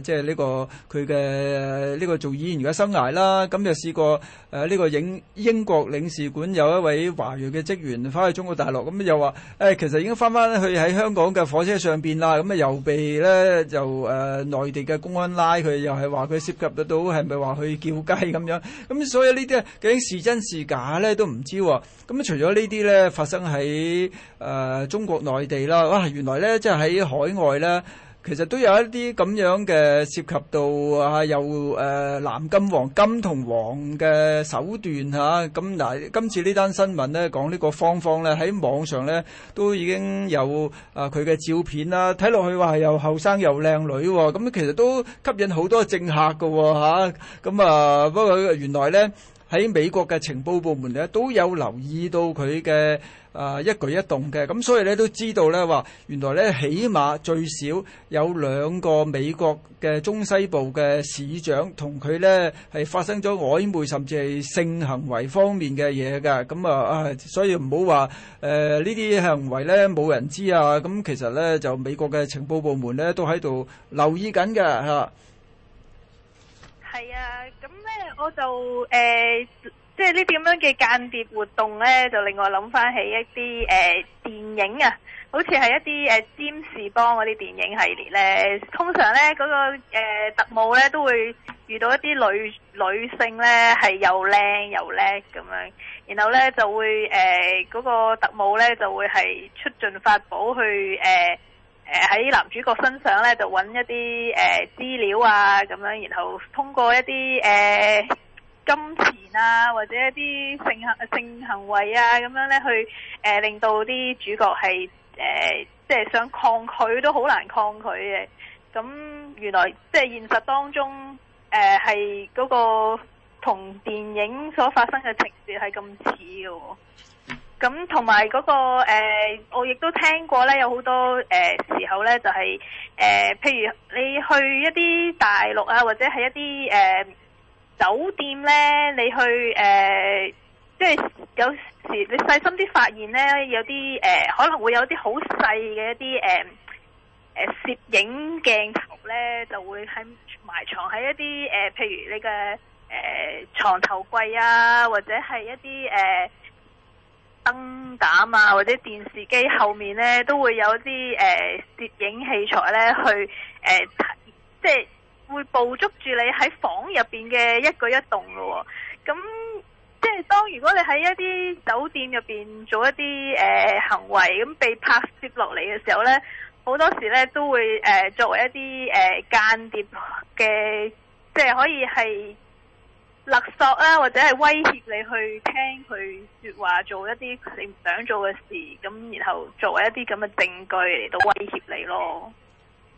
誒即係呢個佢嘅呢個做議員嘅生涯啦。咁又試過誒呢個英英國領事館有一位華裔嘅職員翻去中國大陸，咁又話誒其實已經翻翻去喺香港嘅火車上邊啦，咁啊又被咧就誒內。地嘅公安拉佢又係話佢涉及得到係咪話去叫雞咁樣？咁所以呢啲究竟是真是假咧都唔知喎、啊。咁除咗呢啲咧發生喺誒、呃、中國內地啦，哇原來咧即係喺海外咧，其實都有一啲咁樣嘅涉及到啊，又誒藍金黃金同黃嘅手段嚇。咁、啊、嗱，今次呢單新聞咧講呢個芳芳咧，喺網上咧都已經有啊佢嘅照片啦，睇落去話又後生又靚女喎、哦。咁、啊、其實都吸引好多政客㗎嚇、哦。咁啊，啊，不過原來呢，喺美國嘅情報部門咧都有留意到佢嘅。誒、啊、一舉一動嘅，咁所以咧都知道咧話，原來咧起碼最少有兩個美國嘅中西部嘅市長同佢咧係發生咗曖昧，甚至係性行為方面嘅嘢噶，咁啊啊，所以唔好話誒呢啲行為咧冇人知啊，咁其實咧就美國嘅情報部門咧都喺度留意緊嘅嚇。係啊，咁咧我就誒。呃即係呢啲咁樣嘅間諜活動呢，就令我諗翻起一啲誒、呃、電影啊，好似係一啲誒詹士邦嗰啲電影系列呢、呃、通常呢，嗰、那個、呃、特務呢都會遇到一啲女女性呢係又靚又叻咁樣，然後呢，就會誒嗰、呃那個特務呢就會係出盡法寶去誒誒喺男主角身上呢，就揾一啲誒資料啊咁樣，然後通過一啲誒。呃金錢啊，或者一啲性行性行為啊，咁樣呢，去誒、呃、令到啲主角係誒、呃，即係想抗拒都好難抗拒嘅。咁、啊、原來即係現實當中誒，係、呃、嗰個同電影所發生嘅情節係咁似嘅。咁同埋嗰個誒、呃，我亦都聽過呢，有好多誒、呃、時候呢，就係、是、誒、呃，譬如你去一啲大陸啊，或者係一啲誒。呃酒店呢，你去誒，即、呃、係有時你細心啲發現呢，有啲誒、呃、可能會有啲好細嘅一啲誒誒攝影鏡頭呢，就會喺埋藏喺一啲誒、呃，譬如你嘅誒、呃、床頭櫃啊，或者係一啲誒燈膽啊，或者電視機後面呢，都會有啲誒攝影器材呢去誒、呃，即係。會捕捉住你喺房入邊嘅一舉一動咯，哦，咁即係當如果你喺一啲酒店入邊做一啲誒、呃、行為，咁被拍攝落嚟嘅時候呢，好多時呢都會誒、呃、作為一啲誒、呃、間諜嘅，即係可以係勒索啦，啊，或者係威脅你去聽佢說話，做一啲你唔想做嘅事，咁然後作為一啲咁嘅證據嚟到威脅你咯。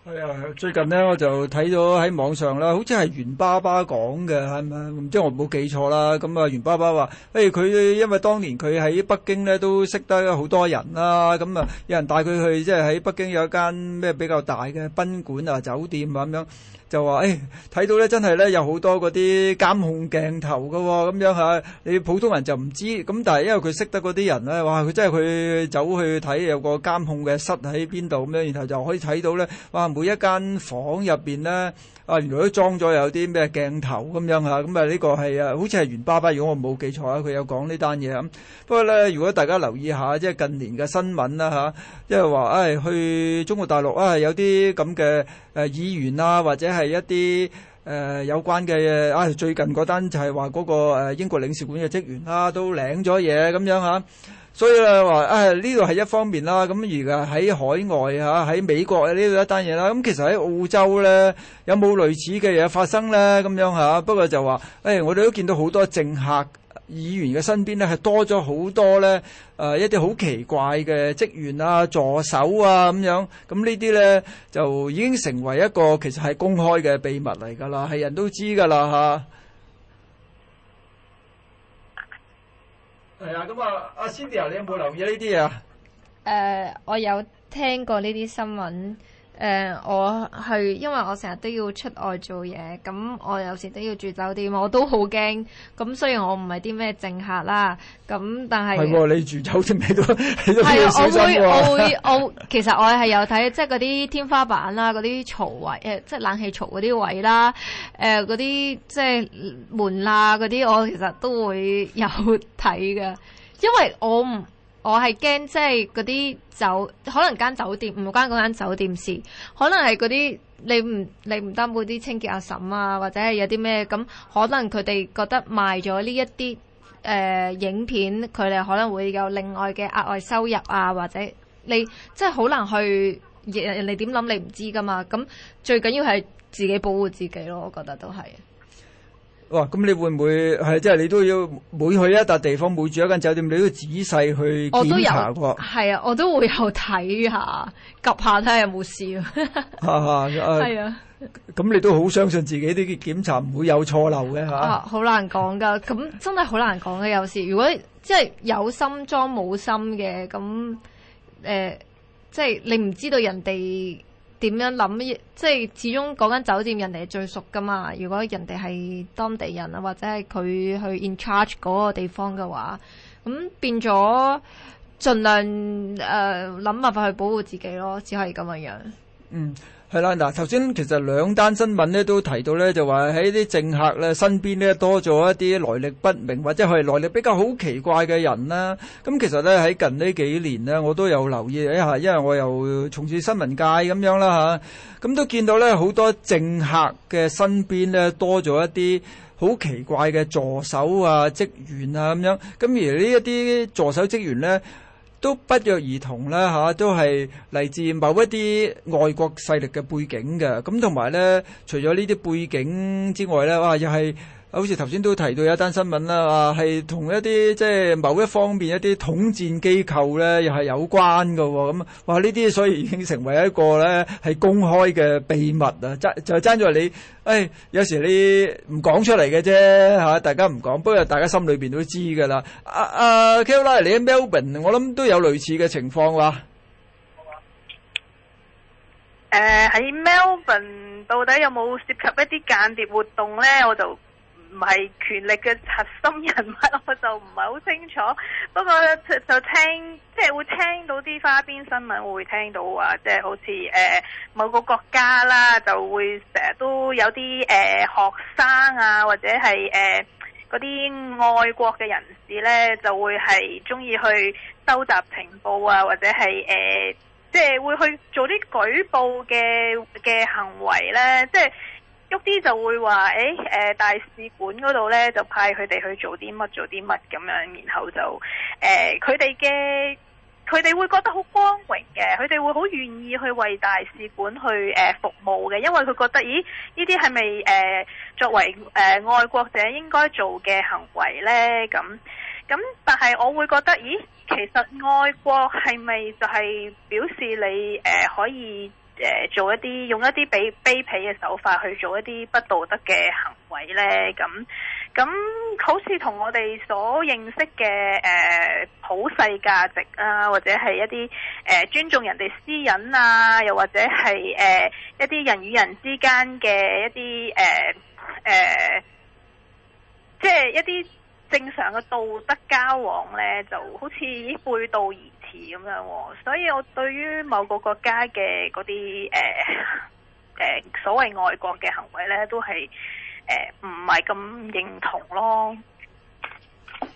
係啊，最近呢，我就睇咗喺網上啦，好似係袁爸爸講嘅，係咪？唔知我冇記錯啦。咁啊，袁爸爸話，誒、欸，佢因為當年佢喺北京呢，都識得好多人啦。咁啊，有人帶佢去，即係喺北京有一間咩比較大嘅賓館啊、酒店啊咁樣。就話誒，睇、哎、到咧，真係咧有好多嗰啲監控鏡頭噶喎、哦，咁樣吓，你普通人就唔知咁，但係因為佢識得嗰啲人咧，哇！佢真係去走去睇有個監控嘅室喺邊度咁樣，然後就可以睇到咧，哇！每一間房入邊咧。啊，原來都裝咗有啲咩鏡頭咁樣嚇，咁啊呢個係啊，好似係袁爸爸，如果我冇記錯啊，佢有講呢單嘢咁。不過咧，如果大家留意下，即係近年嘅新聞啦嚇，即係話，唉、哎，去中國大陸啊、哎，有啲咁嘅誒議員啊，或者係一啲誒、呃、有關嘅，唉、哎，最近嗰單就係話嗰個英國領事館嘅職員啦、啊，都領咗嘢咁樣嚇。啊。所以咧話，啊呢度係一方面啦，咁而家喺海外嚇，喺美國呢度一單嘢啦。咁其實喺澳洲咧，有冇類似嘅嘢發生咧？咁樣嚇。不過就話，誒、哎、我哋都見到好多政客議員嘅身邊咧，係多咗好多咧，誒一啲好奇怪嘅職員啊、助手啊咁樣。咁呢啲咧就已經成為一個其實係公開嘅秘密嚟㗎啦，係人都知㗎啦嚇。啊係啊，咁啊，阿 Cindy 你有冇留意呢啲啊？誒，我有聽過呢啲新聞。誒、呃，我係因為我成日都要出外做嘢，咁我有時都要住酒店，我都好驚。咁雖然我唔係啲咩政客啦，咁但係係喎，嗯、是你住酒店你都 係啊，會， 我小我啲我其實我係有睇，即係嗰啲天花板啦，嗰啲槽位誒，即係冷氣槽嗰啲位啦，誒嗰啲即係門啦嗰啲，我其實都會有睇嘅，因為我唔。我係驚，即係嗰啲酒可能間酒店唔關嗰間酒店事，可能係嗰啲你唔你唔擔保啲清潔阿嬸啊，或者係有啲咩咁，可能佢哋覺得賣咗呢一啲誒影片，佢哋可能會有另外嘅額外收入啊，或者你即係好難去人人哋點諗，你唔知㗎嘛。咁最緊要係自己保護自己咯，我覺得都係。哇！咁你會唔會係即係你都要每去一笪地方，每住一間酒店，你都要仔細去檢查過？係啊，我都會有睇下，及下睇下有冇事。係 啊，咁、啊、的你都好相信自己啲檢查唔會有錯漏嘅，吓、啊？好、啊、難講㗎，咁真係好難講嘅有時。如果即係、就是、有心裝冇心嘅，咁誒，即、呃、係、就是、你唔知道人哋。點樣諗？即係始終嗰間酒店人哋最熟噶嘛。如果人哋係當地人啊，或者係佢去 in charge 嗰個地方嘅話，咁變咗盡量誒、呃、諗辦法去保護自己咯，只可以咁樣樣。嗯。係啦，嗱，頭先其實兩單新聞咧都提到咧，就話喺啲政客咧身邊咧多咗一啲來歷不明或者係來歷比較好奇怪嘅人啦、啊。咁其實咧喺近呢幾年呢，我都有留意，誒吓，因為我又從事新聞界咁樣啦、啊、吓，咁、啊、都見到咧好多政客嘅身邊咧多咗一啲好奇怪嘅助手啊職員啊咁樣。咁而呢一啲助手職員咧，都不約而同啦，吓、啊，都係嚟自某一啲外國勢力嘅背景嘅，咁同埋咧，除咗呢啲背景之外咧，哇又係。好似頭先都提到有一單新聞啦，話係同一啲即係某一方面一啲統戰機構咧，又係有關㗎咁。話呢啲所以已經成為一個咧係公開嘅秘密啊，爭就爭在你，誒、哎、有時你唔講出嚟嘅啫嚇，大家唔講。不過大家心裏邊都知㗎啦。啊阿、啊、Kelly，你喺 Melbourne，我諗都有類似嘅情況話。誒喺吧、uh, Melbourne 到底有冇涉及一啲間諜活動咧？我就。唔係權力嘅核心人物，我就唔係好清楚。不過就聽即係會聽到啲花邊新聞，會聽到啊，即係好似誒、呃、某個國家啦，就會成日都有啲誒、呃、學生啊，或者係誒嗰啲愛國嘅人士咧，就會係鍾意去收集情報啊，或者係誒、呃、即係會去做啲舉報嘅嘅行為咧，即係。喐啲就會話誒誒，大使館嗰度呢，就派佢哋去做啲乜做啲乜咁樣，然後就誒佢哋嘅佢哋會覺得好光榮嘅，佢哋會好願意去為大使館去誒、呃、服務嘅，因為佢覺得「咦，呢啲係咪誒作為誒愛、呃、國者應該做嘅行為呢？」咁咁，但係我會覺得咦，其實愛國係咪就係表示你誒、呃、可以？誒做一啲用一啲比卑鄙嘅手法去做一啲不道德嘅行為呢，咁咁好似同我哋所認識嘅誒、呃、普世價值啊，或者係一啲誒、呃、尊重人哋私隱啊，又或者係誒、呃、一啲人與人之間嘅一啲誒誒，即、呃、係、呃就是、一啲正常嘅道德交往呢，就好似背道而。咁樣，所以我對於某個國家嘅嗰啲誒誒所謂外國嘅行為咧，都係誒唔係咁認同咯。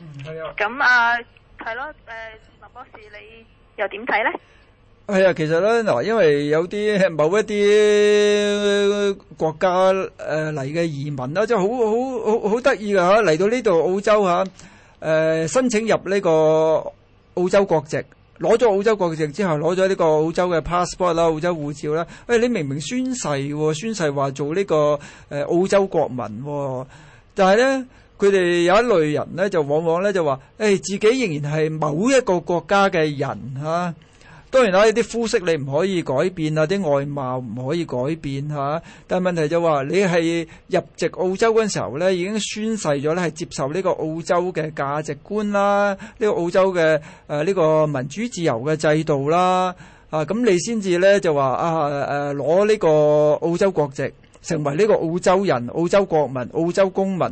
嗯，係啊。咁啊，係咯，誒，林博士，你又點睇咧？係啊，其實咧嗱，因為有啲某一啲國家誒嚟嘅移民啦，即係好好好好得意噶吓，嚟到呢度澳洲吓，誒，申請入呢個澳洲國籍。攞咗澳洲國籍之後，攞咗呢個澳洲嘅 passport 啦、澳洲護照啦。喂、哎，你明明宣誓喎、哦，宣誓話做呢、這個誒、呃、澳洲國民喎、哦，但係呢，佢哋有一類人呢，就往往呢，就話誒、哎、自己仍然係某一個國家嘅人嚇。啊。當然啦，啲膚色你唔可以改變啊，啲外貌唔可以改變嚇、啊。但係問題就話、是、你係入籍澳洲嗰陣時候呢，已經宣誓咗咧，係接受呢個澳洲嘅價值觀啦，呢、呢個澳洲嘅誒呢個民主自由嘅制度啦。啊，咁你先至呢，就話啊誒攞呢個澳洲國籍，成為呢個澳洲人、澳洲國民、澳洲公民。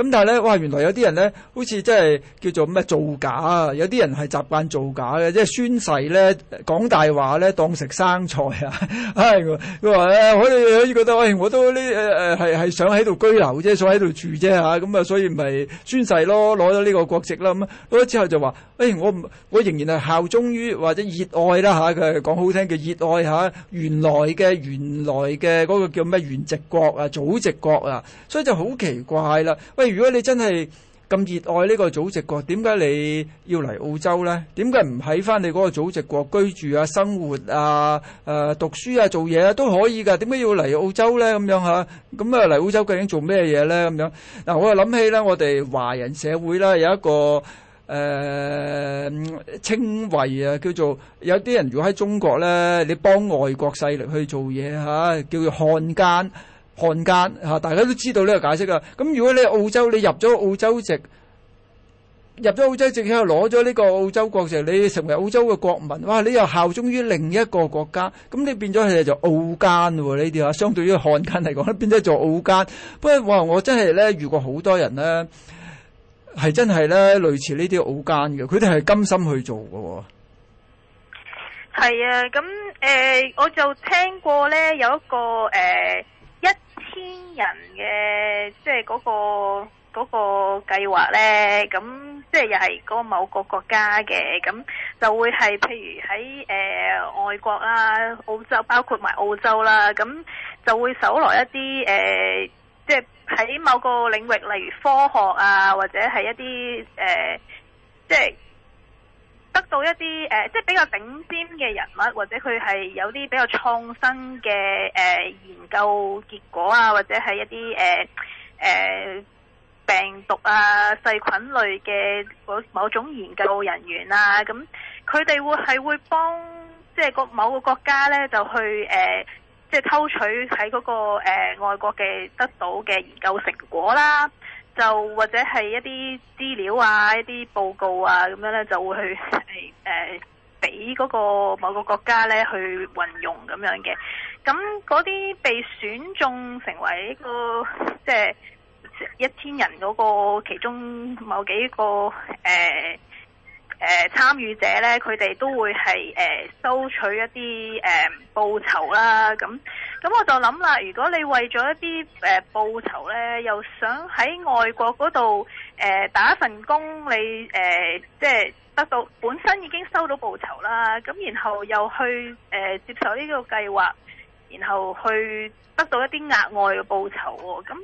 咁但係咧，哇！原來有啲人咧，好似真係叫做咩造假啊，有啲人係習慣造假嘅，即係宣誓咧講大話咧當食生菜啊！係佢話咧，可以、哎、可以覺得，哎，我都呢誒誒係係想喺度居留啫，想喺度住啫嚇、啊，咁、嗯、啊，所以咪宣誓咯，攞咗呢個國籍啦，咁、嗯、啊之後就話，哎，我我仍然係效忠於或者熱愛啦、啊、嚇，佢講好聽嘅熱愛嚇、啊、原來嘅原來嘅嗰個叫咩原籍國啊祖籍國啊，所以就好奇怪啦，喂、哎！如果你真係咁熱愛呢個祖籍國，點解你要嚟澳洲呢？點解唔喺翻你嗰個祖籍國居住啊、生活啊、誒讀書啊、做嘢啊都可以噶？點解要嚟澳洲呢？咁樣吓，咁啊嚟澳洲究竟做咩嘢呢？咁樣嗱，我又諗起啦，我哋華人社會啦，有一個誒稱謂啊，叫做有啲人如果喺中國呢，你幫外國勢力去做嘢吓，叫做漢奸。漢奸吓，大家都知道呢個解釋啊。咁如果你澳洲，你入咗澳洲籍，入咗澳洲籍之後攞咗呢個澳洲國籍，你成為澳洲嘅國民，哇！你又效忠於另一個國家，咁你變咗係就澳奸喎？呢啲嚇，相對於漢奸嚟講，變咗做澳奸。不過哇我真係咧，遇過好多人咧，係真係咧類似呢啲澳奸嘅，佢哋係甘心去做嘅。係啊，咁誒、呃，我就聽過咧有一個誒。呃人嘅即係嗰、那個嗰、那個計劃呢，咁即係又係嗰個某個國家嘅，咁就會係譬如喺誒、呃、外國啦、啊、澳洲，包括埋澳洲啦、啊，咁就會搜羅一啲誒、呃，即係喺某個領域，例如科學啊，或者係一啲誒、呃，即係。得到一啲誒、呃，即係比較頂尖嘅人物，或者佢係有啲比較創新嘅誒、呃、研究結果啊，或者係一啲誒誒病毒啊細菌類嘅某某種研究人員啊。咁佢哋會係會幫即係個某個國家呢，就去誒、呃、即係偷取喺嗰、那個、呃、外國嘅得到嘅研究成果啦。就或者係一啲資料啊，一啲報告啊，咁樣呢就會去誒俾嗰、呃、個某個國家呢去運用咁樣嘅。咁嗰啲被選中成為一個即係、就是、一千人嗰個其中某幾個誒。呃誒、呃、參與者呢，佢哋都會係誒、呃、收取一啲誒、呃、報酬啦。咁咁我就諗啦，如果你為咗一啲誒、呃、報酬呢，又想喺外國嗰度誒打一份工，你誒、呃、即係得到本身已經收到報酬啦。咁然後又去誒、呃、接受呢個計劃，然後去得到一啲額外嘅報酬喎、哦。咁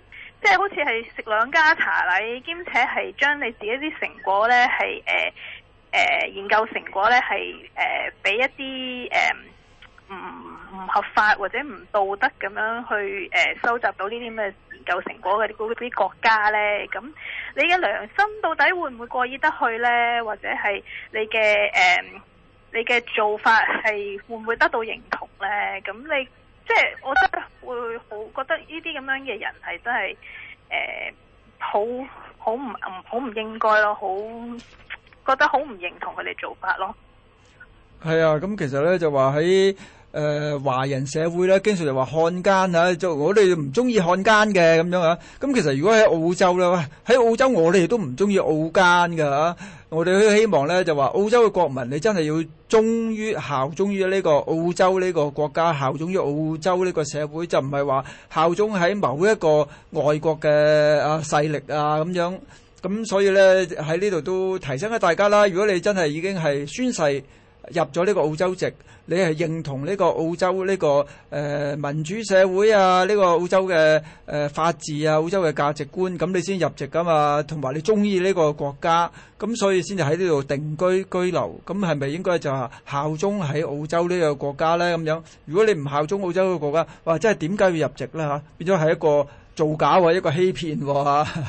即係好似係食兩家茶禮，兼且係將你自己啲成果呢，係誒。呃誒、呃、研究成果咧係誒俾一啲誒唔唔合法或者唔道德咁樣去誒、呃、收集到呢啲咩研究成果啲嗰啲國家咧，咁你嘅良心到底會唔會過意得去咧？或者係你嘅誒、呃、你嘅做法係會唔會得到認同咧？咁你即係我，我覺得會好覺得呢啲咁樣嘅人係真係誒好好唔唔好唔應該咯，好。好覺得好唔認同佢哋做法咯。係啊，咁、嗯、其實咧就話喺誒華人社會咧，經常就話漢奸啊，就我哋唔中意漢奸嘅咁樣啊。咁、嗯、其實如果喺澳洲咧，喺澳洲我哋亦都唔中意澳奸嘅嚇。我哋都希望咧就話澳洲嘅國民，你真係要忠於效忠於呢個澳洲呢個國家，效忠於澳洲呢個社會，就唔係話效忠喺某一個外國嘅啊勢力啊咁樣。咁所以呢，喺呢度都提醒下大家啦。如果你真係已經係宣誓入咗呢個澳洲籍，你係認同呢個澳洲呢、這個誒、呃、民主社會啊，呢、這個澳洲嘅誒、呃、法治啊，澳洲嘅價值觀，咁你先入籍噶嘛。同埋你中意呢個國家，咁所以先至喺呢度定居居留。咁係咪應該就效忠喺澳洲呢個國家呢？咁樣如果你唔效忠澳洲嘅國家，哇！真係點解要入籍咧？嚇，變咗係一個造假一個欺騙嚇。呵呵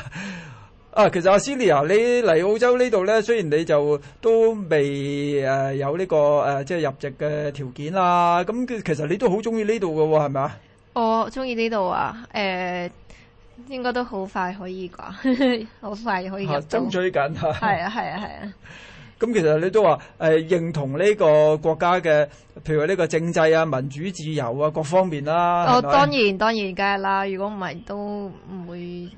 啊，其實阿 Celia，你嚟澳洲呢度咧，雖然你就都未誒有呢、呃這個誒、呃、即係入籍嘅條件啦，咁其實你都好中意呢度嘅喎，係咪、哦、啊？我中意呢度啊，誒應該都好快可以啩，好 快可以入、啊。爭追緊，係啊係啊係啊。咁其實你都話誒、呃、認同呢個國家嘅，譬如話呢個政制啊、民主自由啊各方面啦。哦，吧哦，當然當然梗係啦，如果唔係都唔會。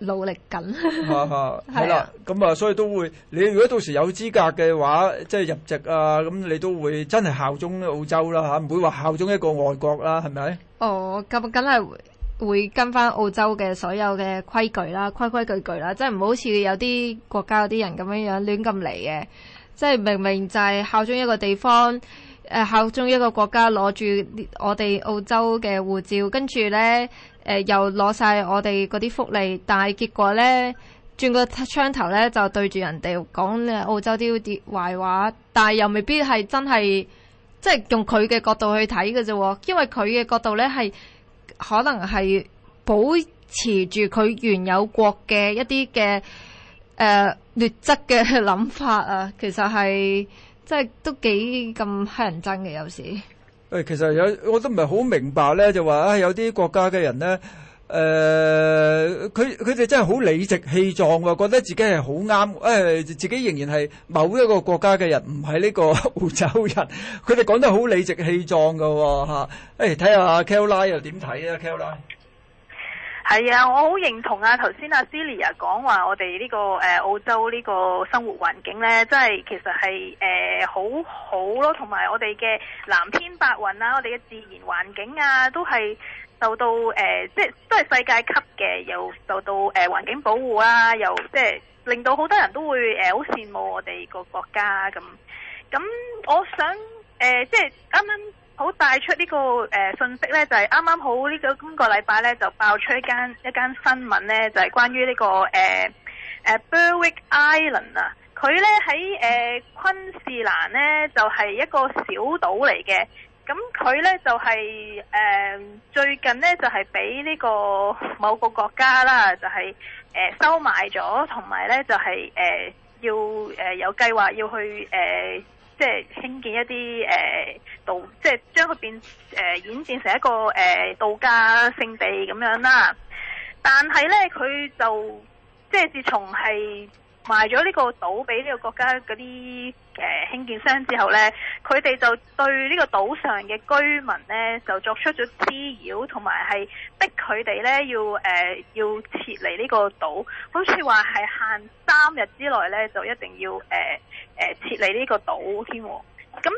努力緊 啊，係、啊、啦，咁 啊、嗯，所以都會你如果到時有資格嘅話，即係入籍啊，咁你都會真係效忠澳洲啦嚇，唔會話效忠一個外國啦，係咪？哦，咁梗係會跟返澳洲嘅所有嘅規矩啦，規規矩矩啦，即係唔好似有啲國家有啲人咁樣樣亂咁嚟嘅，即係明明就係效忠一個地方。誒，考中一個國家攞住我哋澳洲嘅護照，跟住呢誒、呃，又攞晒我哋嗰啲福利，但係結果呢，轉個窗頭呢，就對住人哋講澳洲啲啲壞話，但係又未必係真係即係用佢嘅角度去睇嘅啫，因為佢嘅角度呢，係可能係保持住佢原有國嘅一啲嘅誒劣質嘅諗法啊，其實係。即係都幾咁乞人憎嘅，有時。誒、其實有，我都唔係好明白咧，就話啊、哎，有啲國家嘅人咧，誒、呃，佢佢哋真係好理直氣壯、哦，覺得自己係好啱，誒、哎，自己仍然係某一個國家嘅人，唔係呢個澳洲人，佢哋講得好理直氣壯噶吓。誒、哎，睇下 Kelley 又點睇啊 Kelley 係啊，我好認同啊，頭先阿 Siri 啊講話我哋呢、呢個誒、呃、澳洲呢個生活環境呢，真係其實係誒、呃、好好咯，同埋我哋嘅藍天白雲啊，我哋嘅自然環境啊，都係受到誒、呃、即係都係世界級嘅，又受到誒、呃、環境保護啊，又即係令到好多人都會誒好、呃、羨慕我哋個國家咁。咁我想誒、呃、即係啱啱。剛剛好帶出呢、這個誒信、呃、息呢，就係啱啱好呢、這個今、這個禮拜呢，就爆出一間一間新聞呢，就係、是、關於呢、這個誒誒 Berwick Island 啊，佢呢喺誒、呃、昆士蘭呢，就係、是、一個小島嚟嘅，咁、嗯、佢呢，就係、是、誒、呃、最近呢，就係俾呢個某個國家啦，就係、是、誒、呃、收買咗，同埋呢，就係、是、誒、呃、要誒、呃、有計劃要去誒、呃即係興建一啲誒，導、呃、即係將佢變誒、呃、演變成一個誒度假勝地咁樣啦，但係呢佢就即係自從係。賣咗呢個島俾呢個國家嗰啲誒興建商之後呢，佢哋就對呢個島上嘅居民呢就作出咗滋擾，同埋係逼佢哋呢要誒、呃、要撤離呢個島，好似話係限三日之內呢，就一定要誒誒、呃呃、撤離呢個島添、哦。咁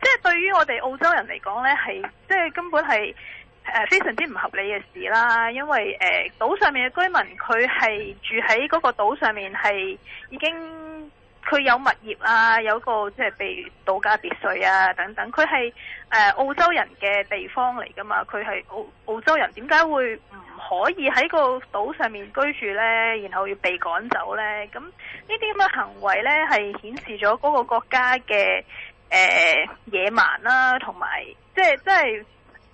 即係對於我哋澳洲人嚟講呢係即係根本係。誒、呃、非常之唔合理嘅事啦，因為誒、呃、島上面嘅居民佢係住喺嗰個島上面係已經佢有物業啊，有個即係譬如度假別墅啊等等，佢係誒澳洲人嘅地方嚟㗎嘛，佢係澳澳洲人點解會唔可以喺個島上面居住呢？然後要被趕走呢？咁呢啲咁嘅行為呢，係顯示咗嗰個國家嘅誒、呃、野蠻啦、啊，同埋即係即係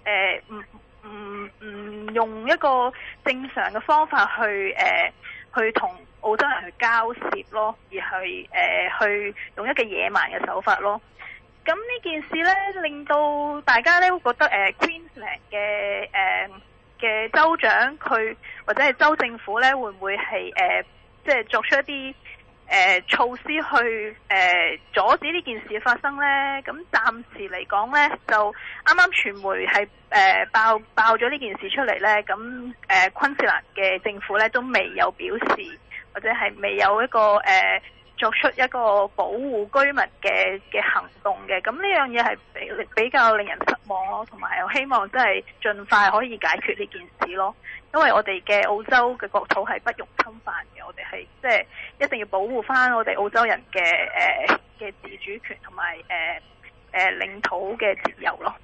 誒唔。唔唔用一個正常嘅方法去誒、呃、去同澳洲人去交涉咯，而係誒、呃、去用一個野蠻嘅手法咯。咁呢件事咧，令到大家咧會覺得誒、呃、Queensland 嘅誒嘅、呃、州長佢或者係州政府咧，會唔會係誒即係作出一啲誒、呃、措施去誒、呃、阻止呢件事發生呢。咁暫時嚟講呢，就啱啱傳媒係誒、呃、爆爆咗呢件事出嚟呢。咁誒昆士蘭嘅政府呢，都未有表示，或者係未有一個誒、呃、作出一個保護居民嘅嘅行動嘅，咁呢樣嘢係比比較令人失望咯，同埋我希望真係盡快可以解決呢件事咯。因為我哋嘅澳洲嘅國土係不容侵犯嘅，我哋係即係一定要保護返我哋澳洲人嘅誒嘅自主權同埋誒誒領土嘅自由咯。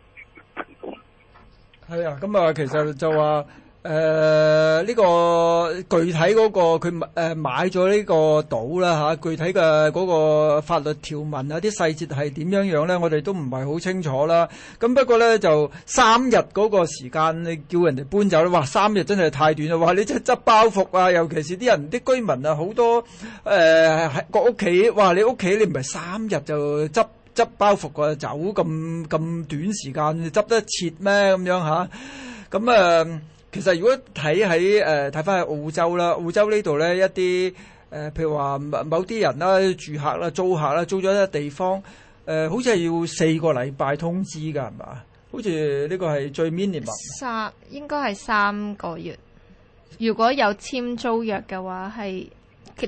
係 啊，咁、嗯、啊，其實就話。誒呢、呃這個具體嗰、那個佢誒買咗呢個島啦嚇、啊，具體嘅嗰個法律條文啊啲細節係點樣樣咧？我哋都唔係好清楚啦。咁不過咧就三日嗰個時間，你叫人哋搬走咧，哇！三日真係太短啦！哇！你真係執包袱啊，尤其是啲人啲居民啊，好多誒喺、呃、個屋企，哇！你屋企你唔係三日就執執包袱啊走，咁咁短時間執得切咩？咁樣吓？咁、啊、誒。啊其實如果睇喺誒睇翻喺澳洲啦，澳洲呢度咧一啲誒、呃，譬如話某啲人啦、住客啦、租客啦，租咗一個地方，誒、呃、好似係要四個禮拜通知㗎，係嘛？好似呢個係最 minimum。三應該係三個月。如果有簽租約嘅話，係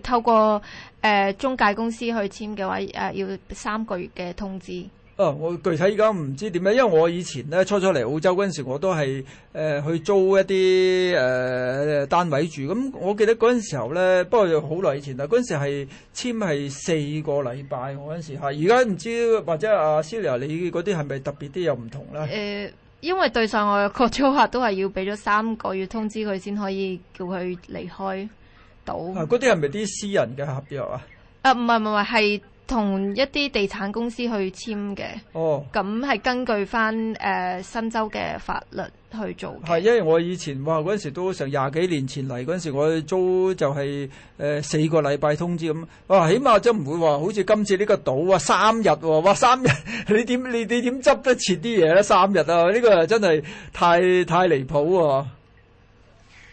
透過誒、呃、中介公司去簽嘅話，誒、呃、要三個月嘅通知。啊、哦！我具體而家唔知點咧，因為我以前咧初初嚟澳洲嗰陣時，我都係誒、呃、去租一啲誒、呃、單位住。咁、嗯、我記得嗰陣時候咧，不過好耐以前啦。嗰陣時係簽係四個禮拜，我嗰陣時係而家唔知或者阿 Celia、啊、你嗰啲係咪特別啲又唔同咧？誒、呃，因為對上我個租客都係要俾咗三個月通知佢先可以叫佢離開到。嗰啲係咪啲私人嘅合約啊？啊，唔係唔係係。同一啲地產公司去簽嘅，哦，咁係根據翻誒新州嘅法律去做。係，因為我以前哇嗰陣時都成廿幾年前嚟嗰陣時，我租就係誒四個禮拜通知咁，哇，起碼真唔會話好似今次呢個倒啊三日，哇三日，你點你你點執得切啲嘢咧？三日啊，呢、啊啊呢個又真係太太離譜喎。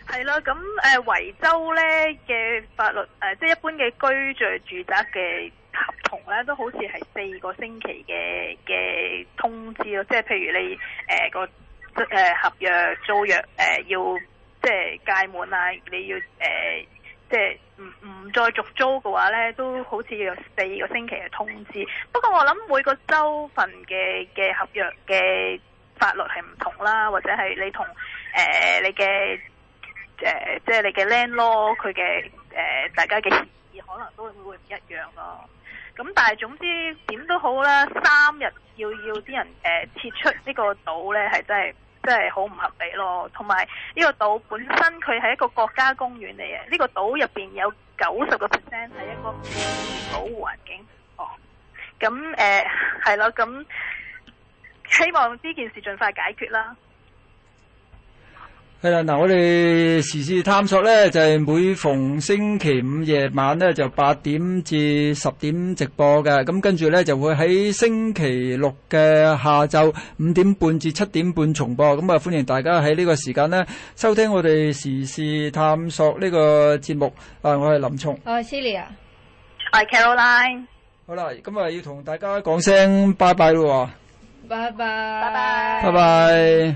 係啦，咁誒，維、呃、州咧嘅法律誒、呃，即係一般嘅居住住宅嘅。合同咧都好似係四個星期嘅嘅通知咯，即係譬如你誒、呃那個誒合約租約誒、呃、要即係屆滿啊，你要誒、呃、即係唔唔再續租嘅話咧，都好似要有四個星期嘅通知。不過我諗每個州份嘅嘅合約嘅法律係唔同啦，或者係你同誒、呃、你嘅誒、呃、即係你嘅 landlord 佢嘅、呃、誒大家嘅意思可能都會唔一樣咯。咁但係總之點都好啦，三日要要啲人誒撤，呃、出呢個島呢，係真係真係好唔合理咯。同埋呢個島本身佢係一個國家公園嚟嘅，呢、呢個島入邊有九十個 percent 係一個保護環境哦。咁誒係咯，咁、呃嗯、希望呢件事盡快解決啦。係啦，嗱、嗯，我哋時事探索咧就係、是、每逢星期五夜晚咧就八點至十點直播嘅，咁、嗯、跟住咧就會喺星期六嘅下晝五點半至七點半重播，咁、嗯、啊、嗯、歡迎大家喺呢個時間呢收聽我哋時事探索呢個節目。啊、嗯，我係林松，我係 Celia，我係 Caroline 好。好啦，咁啊要同大家講聲拜拜咯啊，拜拜，拜拜，拜拜。